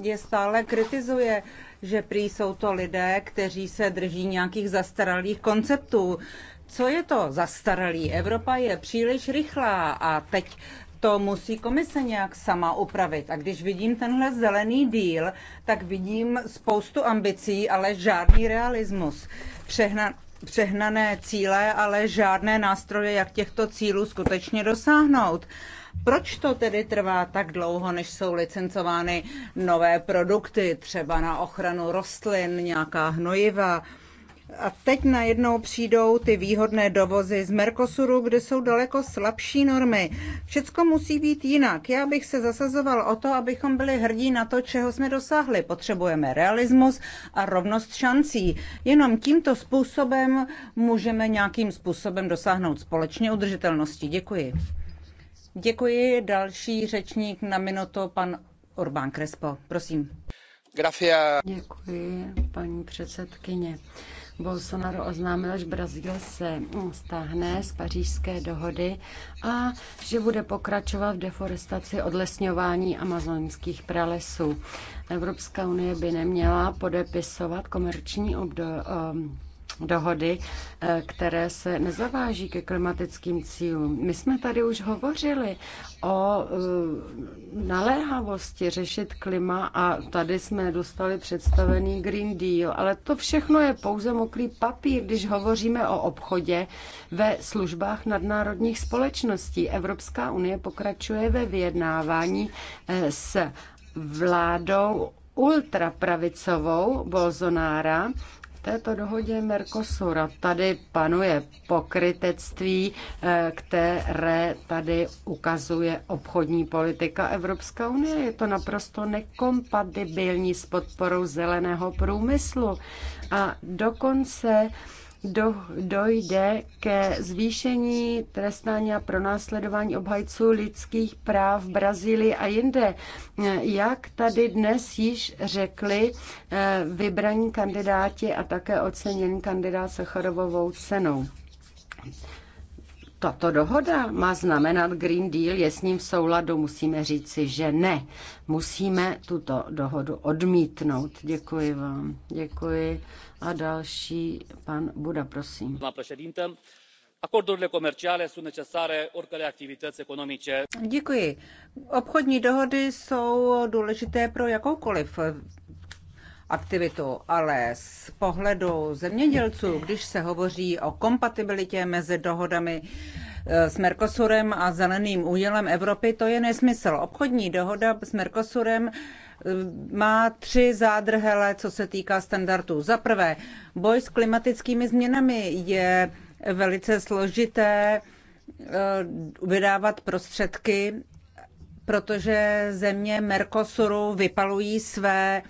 je stále kritizuje, že prý jsou to lidé, kteří se drží nějakých zastaralých konceptů co je to zastaralý? Evropa je příliš rychlá a teď to musí komise nějak sama upravit. A když vidím tenhle zelený díl, tak vidím spoustu ambicí, ale žádný realismus. Přehna, přehnané cíle, ale žádné nástroje, jak těchto cílů skutečně dosáhnout. Proč to tedy trvá tak dlouho, než jsou licencovány nové produkty, třeba na ochranu rostlin, nějaká hnojiva? A teď najednou přijdou ty výhodné dovozy z Mercosuru, kde jsou daleko slabší normy. Všecko musí být jinak. Já bych se zasazoval o to, abychom byli hrdí na to, čeho jsme dosáhli. Potřebujeme realismus a rovnost šancí. Jenom tímto způsobem můžeme nějakým způsobem dosáhnout společně udržitelnosti. Děkuji. Děkuji. Další řečník na minuto, pan Orbán Krespo. Prosím. Grafia. Děkuji, paní předsedkyně. Bolsonaro oznámil, že Brazíl se stáhne z pařížské dohody a že bude pokračovat v deforestaci odlesňování amazonských pralesů. Evropská unie by neměla podepisovat komerční obdo, um, dohody, eh, které se nezaváží ke klimatickým cílům. My jsme tady už hovořili o eh, naléhavosti řešit klima a tady jsme dostali představený Green Deal, ale to všechno je pouze mokrý papír, když hovoříme o obchodě ve službách nadnárodních společností. Evropská unie pokračuje ve vyjednávání eh, s vládou ultrapravicovou Bolsonára, této dohodě A tady panuje pokrytectví, eh, které tady ukazuje obchodní politika Evropské unie. Je to naprosto nekompatibilní s podporou zeleného průmyslu. A dokonce do, dojde ke zvýšení trestání a pronásledování obhajců lidských práv v Brazílii a jinde. Jak tady dnes již řekli eh, vybraní kandidáti a také oceněný kandidát Sacharovovou cenou tato dohoda má znamenat Green Deal, je s ním v souladu, musíme říci, že ne. Musíme tuto dohodu odmítnout. Děkuji vám. Děkuji. A další pan Buda, prosím. Děkuji. Obchodní dohody jsou důležité pro jakoukoliv aktivitu, ale z pohledu zemědělců, když se hovoří o kompatibilitě mezi dohodami eh, s Mercosurem a zeleným údělem Evropy, to je nesmysl. Obchodní dohoda s Mercosurem eh, má tři zádrhele, co se týká standardů. Za prvé, boj s klimatickými změnami je velice složité eh, vydávat prostředky, protože země Mercosuru vypalují své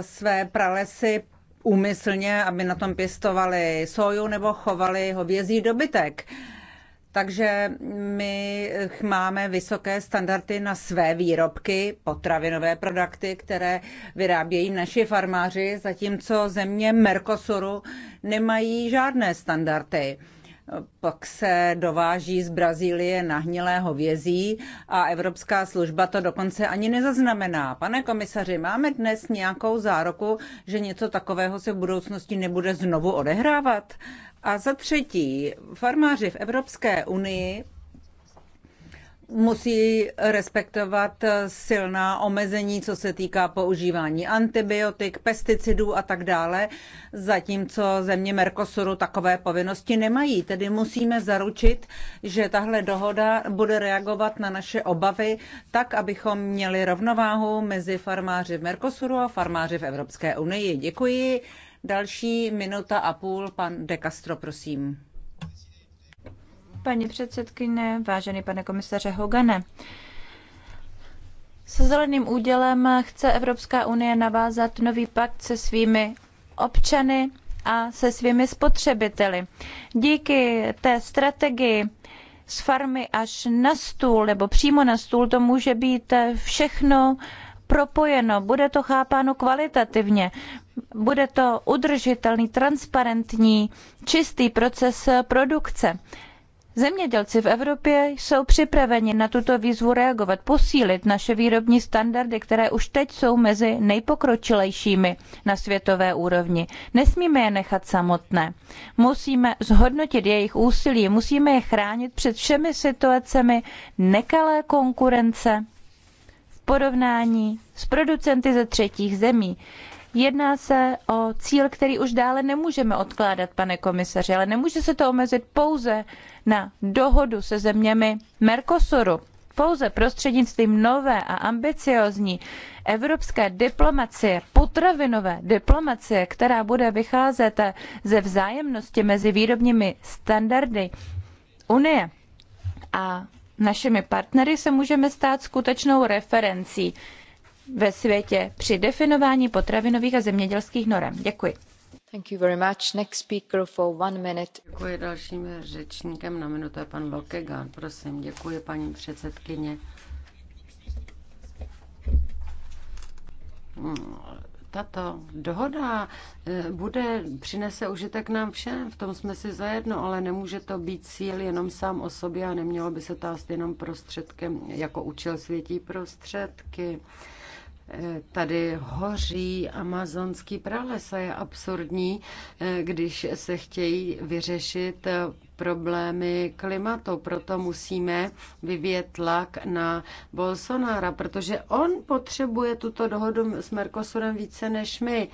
své pralesy úmyslně, aby na tom pěstovali soju nebo chovali hovězí dobytek. Takže my máme vysoké standardy na své výrobky, potravinové produkty, které vyrábějí naši farmáři, zatímco země Mercosuru nemají žádné standardy pak se dováží z Brazílie na hnilého vězí a Evropská služba to dokonce ani nezaznamená. Pane komisaři, máme dnes nějakou zároku, že něco takového se v budoucnosti nebude znovu odehrávat? A za třetí, farmáři v Evropské unii musí respektovat silná omezení, co se týká používání antibiotik, pesticidů a tak dále, zatímco země Mercosuru takové povinnosti nemají. Tedy musíme zaručit, že tahle dohoda bude reagovat na naše obavy tak, abychom měli rovnováhu mezi farmáři v Mercosuru a farmáři v Evropské unii. Děkuji. Další minuta a půl, pan De Castro, prosím. Paní předsedkyně, vážený pane komisaře Hogane, se zeleným údělem chce Evropská unie navázat nový pakt se svými občany a se svými spotřebiteli. Díky té strategii z farmy až na stůl nebo přímo na stůl to může být všechno propojeno, bude to chápáno kvalitativně, bude to udržitelný, transparentní, čistý proces produkce. Zemědělci v Evropě jsou připraveni na tuto výzvu reagovat, posílit naše výrobní standardy, které už teď jsou mezi nejpokročilejšími na světové úrovni. Nesmíme je nechat samotné. Musíme zhodnotit jejich úsilí, musíme je chránit před všemi situacemi nekalé konkurence v porovnání s producenty ze třetích zemí. Jedná se o cíl, který už dále nemůžeme odkládat, pane komisaři, ale nemůže se to omezit pouze na dohodu se zeměmi Mercosuru. Pouze prostřednictvím nové a ambiciozní evropské diplomacie, potravinové diplomacie, která bude vycházet ze vzájemnosti mezi výrobními standardy Unie a našimi partnery, se můžeme stát skutečnou referencí ve světě při definování potravinových a zemědělských norem. Děkuji. Thank you very much. Next speaker for one minute. Děkuji dalším řečníkem na minutu je pan Lokegan. Prosím, děkuji paní předsedkyně. Tato dohoda eh, bude, přinese užitek nám všem, v tom jsme si zajedno, ale nemůže to být cíl jenom sám o sobě a nemělo by se tást jenom prostředkem, jako účel světí prostředky tady hoří amazonský prales a je absurdní, když se chtějí vyřešit problémy klimatu. Proto musíme vyvíjet tlak na Bolsonára, protože on potřebuje tuto dohodu s Mercosurem více než my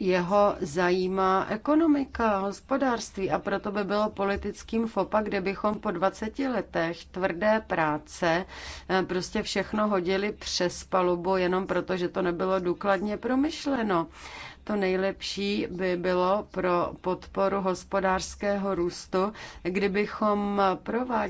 jeho zajímá ekonomika, hospodářství a proto by bylo politickým fopa, kde bychom po 20 letech tvrdé práce eh, prostě všechno hodili přes palubu jenom proto, že to nebylo důkladně promyšleno. To nejlepší by bylo pro podporu hospodářského růstu, kdybychom prováděli